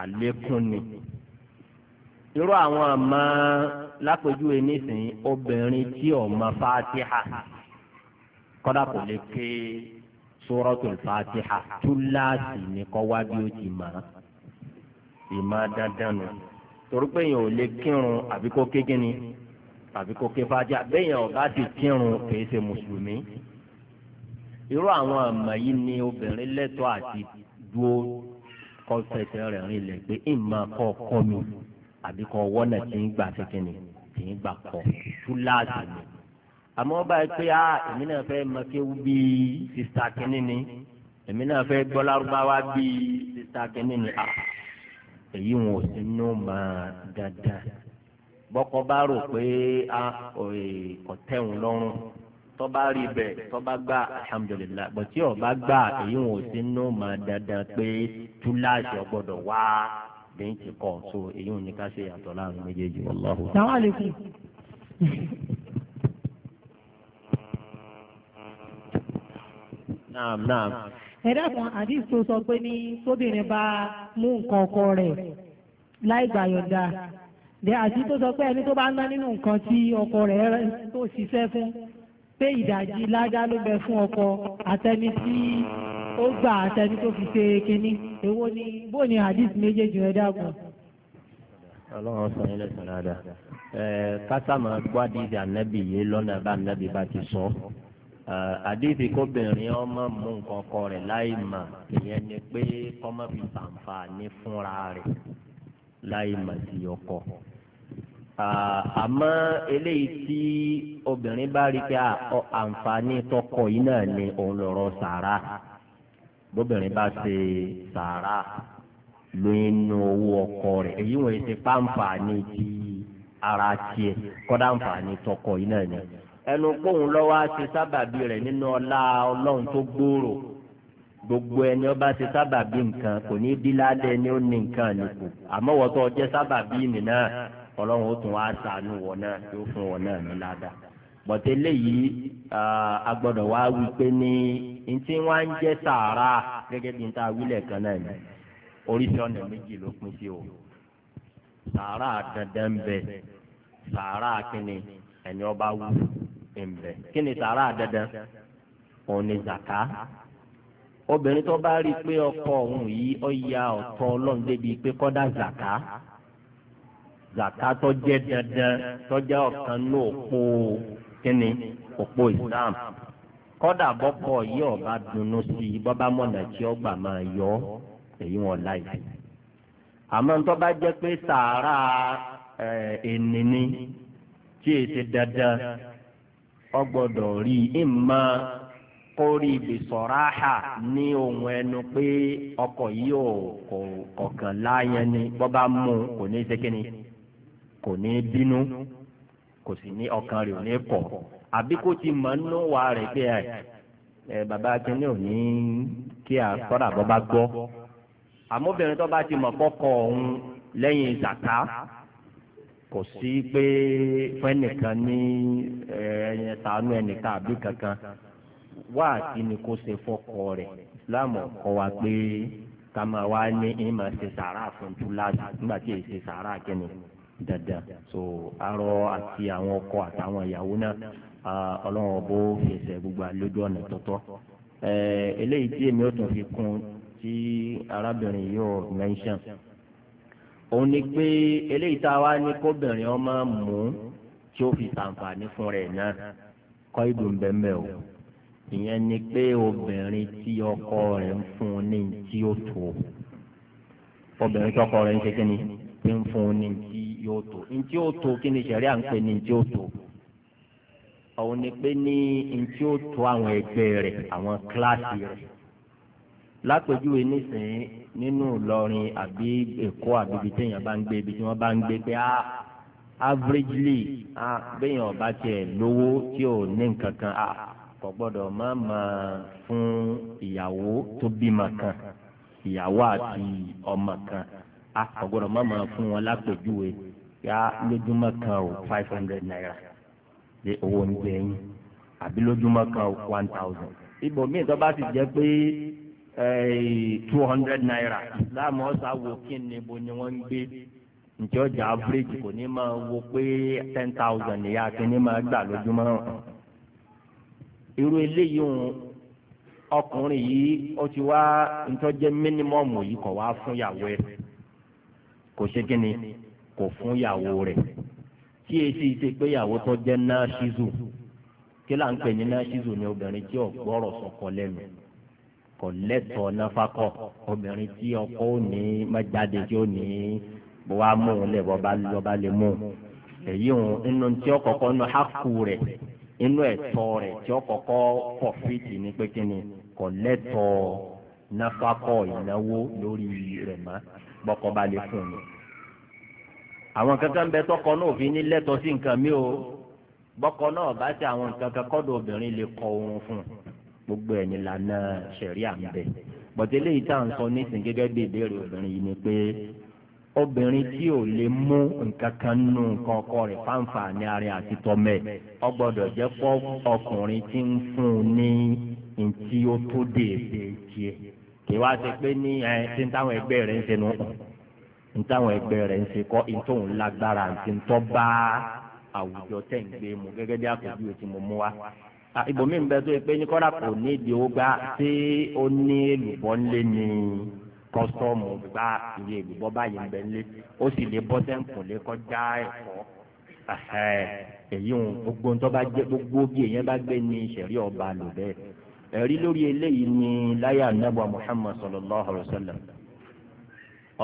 àlékún ni irú àwọn àmọ́ lápèjúwe nísìnyí obìnrin tí ò mọ fatiha kọ́dà kò lè ké suratul fatiha túláàsì ní kọ́ wá bí ó ti mọ̀ ìmọ̀ dandan nù torí pé èèyàn ò lè kírun àbí kó ké kíni àbí kó ké fatiha béèyàn ọ̀gá ti kírun kìí ṣe mùsùlùmí irú àwọn àmọ́ yìí ni obìnrin lẹ́tọ̀ọ́ àti dúó kọ́ fẹsẹ̀ rẹ̀ rìn lẹ̀ pé ìmọ̀ kọ́ kọ́ mi àbí kan wọ́nà tí ń gbà kékeré ni tí ń gbà kọ́ túláàsì ni. àmọ́ báyìí pé a ah, èmi náà fẹ́ mọ̀kéwú bíi sista kínní ni èmi náà fẹ́ gbọ́ lárúbáwá bíi sista kínní ni a ah, èyí wọn ò sí nínú máa dáadáa bọ́kọ bá rò pé a ah, ọ̀tẹ̀hún lọ́rùn tọ́ba rí bẹ̀ tọ́ba gbà alhamdulilayi bọ̀tí ọba gbà èyí wọn ò sí nínú máa dáadáa pé túláàsì ọgbọ́dọ̀ wá bẹ́ẹ̀ ti kọ̀ so èyí ò ní ká ṣe yàtọ̀ láàrin méjèèjì wàláhù. sàwọn àlékún. naam naam. ẹ dákun àdìs tó sọ pé ní tóbìnrin bá mú nǹkan ọkọ rẹ̀ láì gbàyọ̀dà dẹ àti tó sọ pé ẹni tó bá ná nínú nǹkan tí ọkọ rẹ̀ tó ṣiṣẹ́ fún pé ìdajì ládá ló bẹ fún ọkọ àtẹni tí ó gbà àtẹni tó fi ṣe kínní èwo ni bó ni hadith méjèèjì rẹ dágùn. ọlọ́run sọ yín lẹ́sìn dáadáa kásámà gbádìí ànábì yé lọ́nà bá ànábì bá ti sọ àdìsí kóbìnrin ọmọ mú nǹkan kọ rẹ̀ láì mà ìyẹn ni pé kọ́mọ fi fàǹfà ní fúnra rẹ̀ láì mà sí ọkọ àmọ́ eléyìí tí obìnrin bá rí pé àǹfààní tọkọ yìí náà ni òun lọ́rọ̀ sàrà bóbìnrin bá ṣe sàárà lóyún inú owó ọkọ rẹ̀ èyí wọ́n ti pàǹfà ti ara tiẹ̀ kọ́dà ǹfààní tọkọ yìí náà ni ẹnu gbóhùn lọ́wọ́ á ṣe sábàbí rẹ̀ nínú ọlá ọlọ́run tó gbòòrò gbogbo ẹni ọba ṣe sábàbí nǹkan kò ní bí ládẹ ni ó ní nǹkan nìkú àmọ́ wọ́n tó jẹ́ sábàbí mi náà ọlọ́run ó tún wá ṣàánú wọ̀ náà yóò fún wọ̀ náà ní ládàá. bọ̀tẹ́ léyìí a wá wí pé ní ntí wọ́n á ń jẹ́ sàárà gẹ́gẹ́ bí n ta wílẹ̀ kan náà ni oríṣi ọ̀nà méjì ló sí o sàárà dandan bẹ sàárà kíni ẹni ọba wù ẹ̀ǹbẹ̀ kíni sàárà ni zaka obìnrin tó bá rí i pé ọkọ òun yìí ya ọ̀tọ̀ ọlọ́run débi pé zaka zaka tó jẹ́ dandan tó jẹ́ kíni òpó islam kọ́dà bọ́pọ̀ yìí ọba dùnnú sí i bọ́bá mọ̀nà tí ó máa yọ èyí wọn láì sí. àmọ́ tó bá jẹ́ pé sàárà ẹni ni tí èsì dandan ọ gbọ́dọ̀ rí i ìmọ̀ kórì bisọ̀ráhà ní ohun ẹnu pé ọkọ̀ yìí ò kọ̀ọ̀kan láàyàn ni bọ́bá mú kò ní í kò ní bínú. kò sì ní ọkàn rẹ̀ ò ní kọ̀ àbí kó ti mọ̀ nínú wa rẹ̀ pé ẹ bàbá akíní ò ní kí a sọ́dà bọ́ bá gbọ́ àmóbìnrin tó bá ti mọ̀ kọ́kọ́ òun lẹ́yìn zàká kò sí pé fẹ́nìkan ní ẹ̀yẹ tàánú ẹnìkan àbí kankan wá àti ni ṣe fọkọ rẹ̀ islam kọ́ wa pé ká máa wá ní ìmọ̀ ṣe sàrà fún túláàsì nígbà tí èyí ṣe sàrà kẹ́ni dandan so arọ àti àwọn ọkọ àtàwọn ìyàwó náà ọlọ́run ọ̀bọ fèsì gbogbo àlejò ọ̀nà tọ́tọ́ eléyìí tí èmi ò tún fi kún tí arábìnrin yóò mẹ́ńṣán òun ni pé eléyìí tá a wá ní kóbìnrin ọmọ mú tí ó fi ṣàǹfààní fún rẹ̀ náà kọ́ ìdùn bẹ́ẹ̀ o ìyẹn ni pé obìnrin tí ọkọ rẹ̀ ń fún ní tí ó tó obìnrin tí ọkọ rẹ̀ ń ṣe kí ni ń fún ní tí yóò tó ntí yóò tó kí ni sẹ̀rí à ń pè ní ntí yóò tó òun ni pé ní ntí yóò tó àwọn ẹgbẹ́ rẹ̀ àwọn kíláàsì rẹ̀ lápèjúwe nísìnyí nínú Ìlọrin àbí Èkó àbí ibi téèyàn bá ń gbé ibi tí wọ́n bá ń gbé pé á averagely á béèyàn ọba tiẹ̀ lówó tí ò ní nǹkan kan kò gbọ́dọ̀ má máa fún ìyàwó tó bímọ kan ìyàwó àti ọmọ kan ọgbọ́dọ̀ má máa fún wọn lápèjúwe yá lójúmọ́ kan o five hundred naira lé owó oúnjẹ yín àbí lójúmọ́ kan o one thousand. ibò míì tó bá ti jẹ́ pé eh, two hundred naira láàmú ọ̀sà wo kí ni bo ni wọ́n ń gbé ǹjẹ́ ọjà average kò ní máa wo pé ten thousand ìyá akíní máa gbà lójúmọ́ hàn. irú eléyìí òun ọkùnrin yìí ó ti wá ntọ́jẹ́ mínímọ́ọ̀mù yìí kọ̀ wá fún ìyàwó ẹ̀ kò ṣe kí ni kò fún ìyàwó rẹ̀ tí èsì ṣe pé ìyàwó tó jẹ́ náà ṣízù kí là ń pè ní náà ṣízù ni obìnrin tí ọ̀gbọ́rọ̀ sọkọ lẹ́nu kò lẹ́tọ̀ọ́ náfàkọ̀ obìnrin tí ọkọ ò ní mẹ́jáde tí ó ní wàá mú un lẹ̀ bọ́ba lọ́ba lè mú un èyí òun inú tí ọkọ̀ọ̀kọ́ inú hákù rẹ̀ inú ẹ̀tọ́ rẹ̀ tí ọkọ̀ọ̀kọ́ kọ̀ fìtì ní pé kí ni kò lẹ́tọ̀ọ́ náfàkọ̀ ìnáwó lórí rẹ̀ mọ́ bọ́kọ bá lè fún mi. àwọn kankan bẹ tọkọ náà fi ní lẹ́tọ̀ọ́ sí nǹkan mi o bọ́kọ náà bá ti àwọn nǹkan kan kọ́dọ̀ obìnrin lè kọ oorun fún gbogbo ẹ̀ nílànà ṣẹ̀ríà ń bẹ. bọ̀dé léyìí tá à ń sọ nísìnyí gẹ́gẹ́ bí ìbéèrè obìnrin yìí ni pé obìnrin tí ò lè mú nǹkan kan nù nǹkan ọkọ rẹ̀ fáǹfà ní arìn àti tọmẹ́ ọ jẹ́ pọ́ ọkùnrin tí ń fún un ní ntí ó tó dé èdè tiẹ̀ kì ṣe pé ní ẹ ṣe ń táwọn ẹgbẹ́ rẹ̀ ń ṣe nù ń táwọn ẹgbẹ́ rẹ̀ ń ṣe kọ́ ń tóun lágbára àti ń tọ́ bá àwùjọ tẹ̀ ń gbé mu gẹ́gẹ́ bí àpèjúwe tí mo mú wa. ibòmí ń bẹ tó yẹ pé ní kọ́dà kò ní ìdí gbá tí ó ní èlùbọ́ ńlé ni kọ́sítọ́ọ̀mù gbá ìwé èlùbọ́ báyìí ń bẹ ńlé ó sì lè bọ́ sẹ́ǹkù lé kọjá ẹ̀kọ́ èyí ń gbogbo ń tọ́ bá jẹ́ gbogbo bí èèyàn bá gbé ní ìṣẹ̀rí ọba lò bẹ́ẹ̀ ẹ̀rí lórí eléyìí ni láyà nẹ́bọ̀ Muhammad sallallahu alayhi wa sallam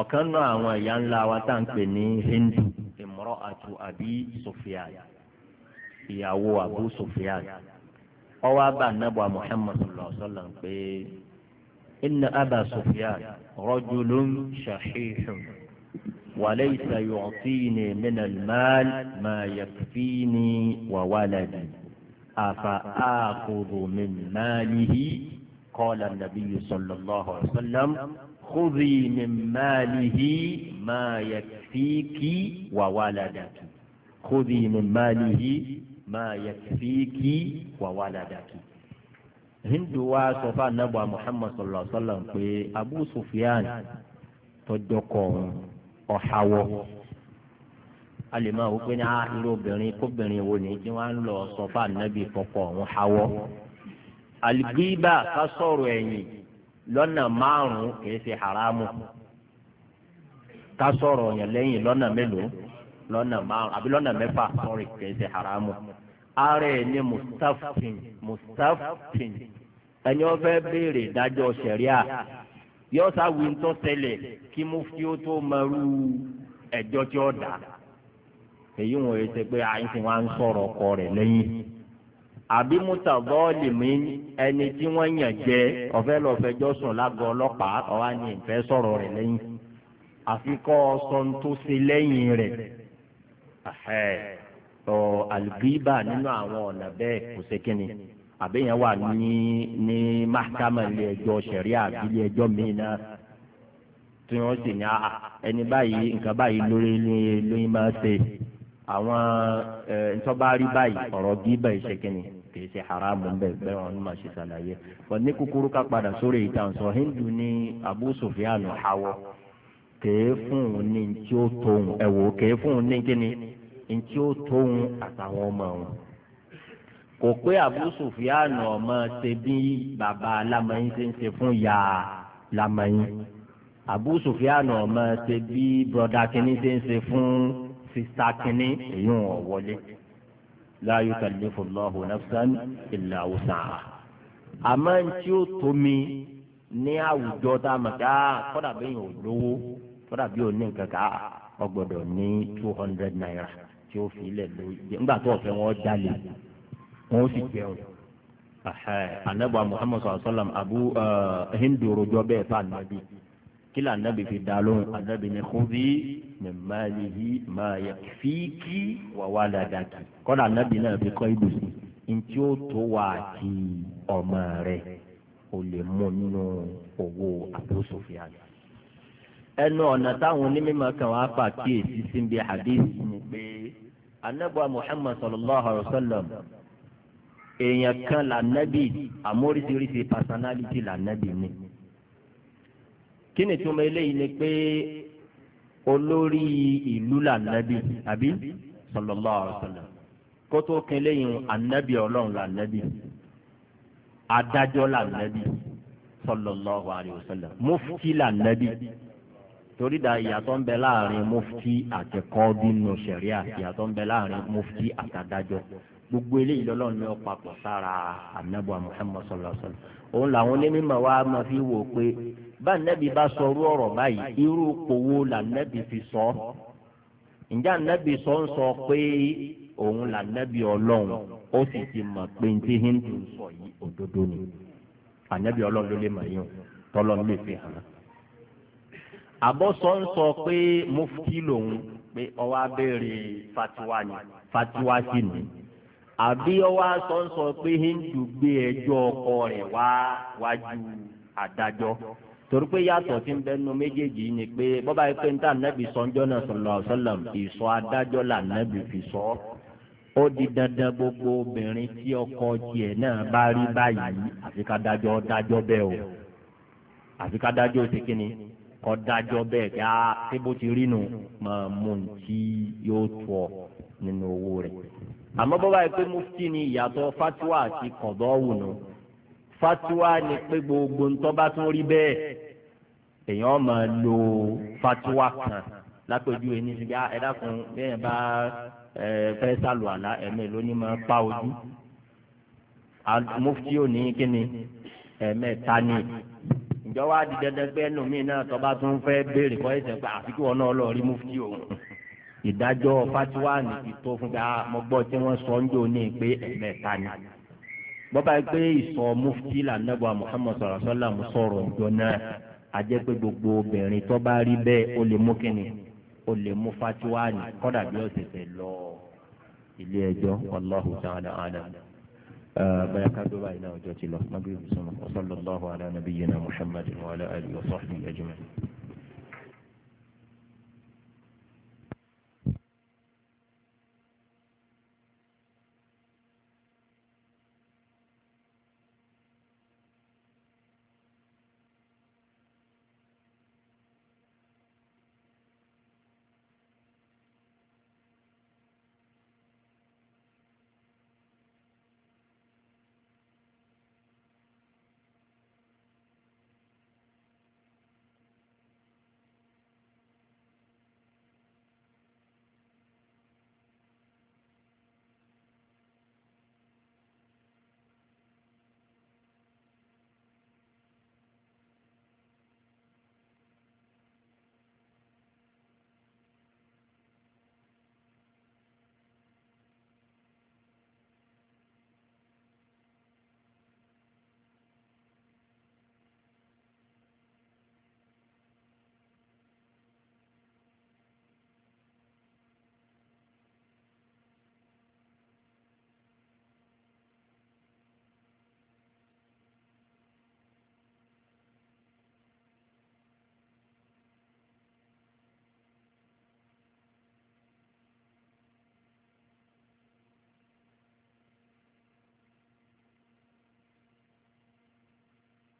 ọ̀kan náà àwọn ẹ̀yà ńlá wa tá à ń pè ní Hindu imra'atu Abi Sufyan ìyàwó Abu Sufyan ó wá bá nẹ́bọ̀ Muhammad sallallahu alayhi wa sallam pé inna Aba Sufyan rajulun shahihun walaysa yu'tini min al-mal ma yakfini wa waladi afa akudu min malihi kọ́lá nàbíyí sallallahu alaihi wasallam khudhi min malihi ma yakfiki wa waladaki khudhi min malihi ma yakfiki wa waladaki hindu wa sọ fún anabu muhammad sallallahu alaihi wasallam pé abu sufyan tọjọ ọhawọ a lè máa wò pé ní ah, irú obìnrin kóbìnrin wo ni tí wọ́n á ń lọ sọ fún ànábì kọkọ òun hawọ́. àlùgbíbà ká sọ̀rọ̀ ẹ̀yìn lọ́nà márùn-ún kìí ṣe haramu ká sọ̀rọ̀ yẹn lẹ́yìn lọ́nà mélòó lọ́nà márùn-ún àbí lọ́nà mẹ́fà sọ̀rọ̀ kìí ṣe haramu. ara ẹ̀ ní mustafin mustafin ẹni wọ́n fẹ́ béèrè ìdájọ́ sẹ̀ríà yọ́sà wíńtọ́ tẹ́lẹ̀ kí mufti ó tó mọ̀rú ẹ̀jọ́ tí ó dà èyí wọn yìí ṣe pé ọkọ rẹ̀ lẹ́yìn àbí mútàbọ́ọ̀lì mi ẹni tí wọ́n yàn jẹ ọ̀fẹ́ lọ sùn lágọ̀ọ́ ọlọ́pàá ọ̀wá ni ìfẹ́ sọ̀rọ̀ rẹ̀ lẹ́yìn àfikọ́ lẹ́yìn rẹ̀ ọ̀ nínú àwọn ọ̀nà bẹ́ẹ̀ kò ṣe wà ní ní mahakama ilé ẹjọ́ ilé ẹjọ́ mi náà àwọn ntọ́ba rí báyìí ọ̀rọ̀ gíbà ìṣèkínni kìí ṣe haramu bẹ́ẹ̀ bẹ́ẹ̀ wọn máa ṣe ṣàlàyé wọn ní kúkúrú ká padà sórí ìtànsọ hindu ní abu sufyan hawọ kìí fún un ní tí ó tóun ẹ̀wò kìí fún un ní kíni tí ó tóun àtàwọn ọmọ wọn kò pé abu sufyan ọmọ ṣe bí bàbá alámọyín ṣe ń ṣe fún ìyá alámọyín abu sufyan ọmọ ṣe bí broda kìíní ṣe ń ṣe fún sista kínní èyí ń wọ̀ wọlé la yukallifu Allahu nafsan illa wus'aha. àmọ́ ntí ó tó mi ní àwùjọ tá a mọ̀ ká ah, kọ́dà bí yóò lówó kọ́dà bí yóò ní nǹkan ká ah, ó gbọ́dọ̀ ní two hundred naira tí ó fi lẹ̀ lórí nígbà tó ọ̀fẹ́ wọn jalè wọn ó sì jẹun. anabu muhammadu sallam abu eh, hindu rojọ bẹ́ẹ̀ fà nàbí kila anabi fi da lóhùn anabi ni kúbi mẹ́màlìhí máa yẹ fíìkì wà wà ládàkì kọ́dà anabi náà fi kọ́ ibùsùn ntí ó tó wà àti ọmọ rẹ̀ o lè mú nínú owó àbúṣòfìà ẹnu ọ̀nà táwọn onímọ̀ kan wá fà kíyèsí síbi hadith ni pé anabuwa muhammad sallallahu alayhi wa sallam èèyàn kan là nábì àmóríṣiríṣi personality là nábì ni kí ni túmọ̀ eléyìí ni pé olórí ìlú lànàbí àbí sallallahu alaihi wasallam kótó kele yìí anabi ọlọ́run la nabi adájọ́ la nabi sallallahu alayhi wa sallam mufti la nabi torí da ìyàtọ̀ ń bẹ láàrin mufti àti kọ́ọ́dúnú sẹ̀ríà ìyàtọ̀ ń bẹ láàrin mufti àti adájọ́ gbogbo eléyìí lọ́lọ́run ní ọ̀pàpọ̀ sára anabuwa muhammad sallallahu alayhi wa sallam òun làwọn onímọ̀ wa máa fi wò pé bá nẹ́bí bá sọrú ọ̀rọ̀ báyìí irú kòwó là nẹ́bí fi sọ ǹjẹ́ nẹ́bí sọ ń sọ pé òun là nẹ́bí ọlọ́run ó sì ti mọ̀ pé ní ti hindu sọ yìí òdodo ni ànẹ́bí ọlọ́run ló lè mọ̀ yìí tọ́lọ́ lè fi hàn án. àbọ̀sọ ń sọ pé mufti lòun pé ọwọ́ abẹ́rẹ́ fatiwa ni fatiwa sì ni àbí ọwọ́ asọ ń sọ pé hindu gbé ẹjọ́ ọkọ rẹ̀ wá wájú adájọ́ torí pé yàtọ̀ tí ń bẹ nu méjèèjì ni pé bọ́bá yìí pé ń tà nẹ́bí sọ́njọ́ náà sọ̀rọ̀ ọ̀sọ́lọ̀m ìsọ adájọ́ là nẹ́bí fi sọ ọ́ ó di dandan gbogbo obìnrin tí ọkọ tiẹ̀ náà bá rí báyìí àfi ká dájọ́ dájọ́ bẹ́ẹ̀ o àfi ká dájọ́ ó ti kíni kọ́ dájọ́ bẹ́ẹ̀ kí á ṣé bó ti rí nu máa mú un tí yóò tù ọ nínú owó rẹ̀ àmọ́ bọ́bá yìí pé mufti ni ìyàtọ̀ fatuwa àti kọ̀dọ̀ wù nù. No fatiwa ni pé gbogbo ntọ́ bá tún rí bẹ́ẹ̀ èèyàn máa lo fatiwa kan lápẹjù ẹni síbi ẹ dákun bẹ́ẹ̀ bá fẹ́ sálù àlá ẹ̀mẹ́ lónìí máa pa ojú mufti ò ní kíni ẹ̀mẹ́ ta ni ǹjọ́ wá di dandan pé ẹnùmí náà tọ́ bá tún fẹ́ béèrè kọ́ ẹ̀sẹ̀ pé àfi kí wọn náà lọ rí mufti òun ìdájọ́ fatiwa ni ti tó fún ah, mi gbọ́ tí wọ́n sọ ń jò ní pé ẹ̀mẹ́ ta ni bọ́ba gbé ìsọ̀ mufti lànàbọ̀ Muhammad sọ̀rọ̀ sọ́là mu sọ̀rọ̀ ọ̀jọ́ náà ajẹ́ pé gbogbo obìnrin tó bá rí bẹ́ẹ̀ ó lè mú kínní ó lè mú fatiwa ní kọ́dà bí ó tẹ̀sẹ̀ lọ ilé ẹjọ́ Allahu ta'ala alam. bẹ́ẹ̀ ká tó báyìí náà ọjọ́ ti lọ magrib sọ́nà wa sallallahu ala nabiyyina Muhammadin wa ala alihi wa sahbihi ajma'in.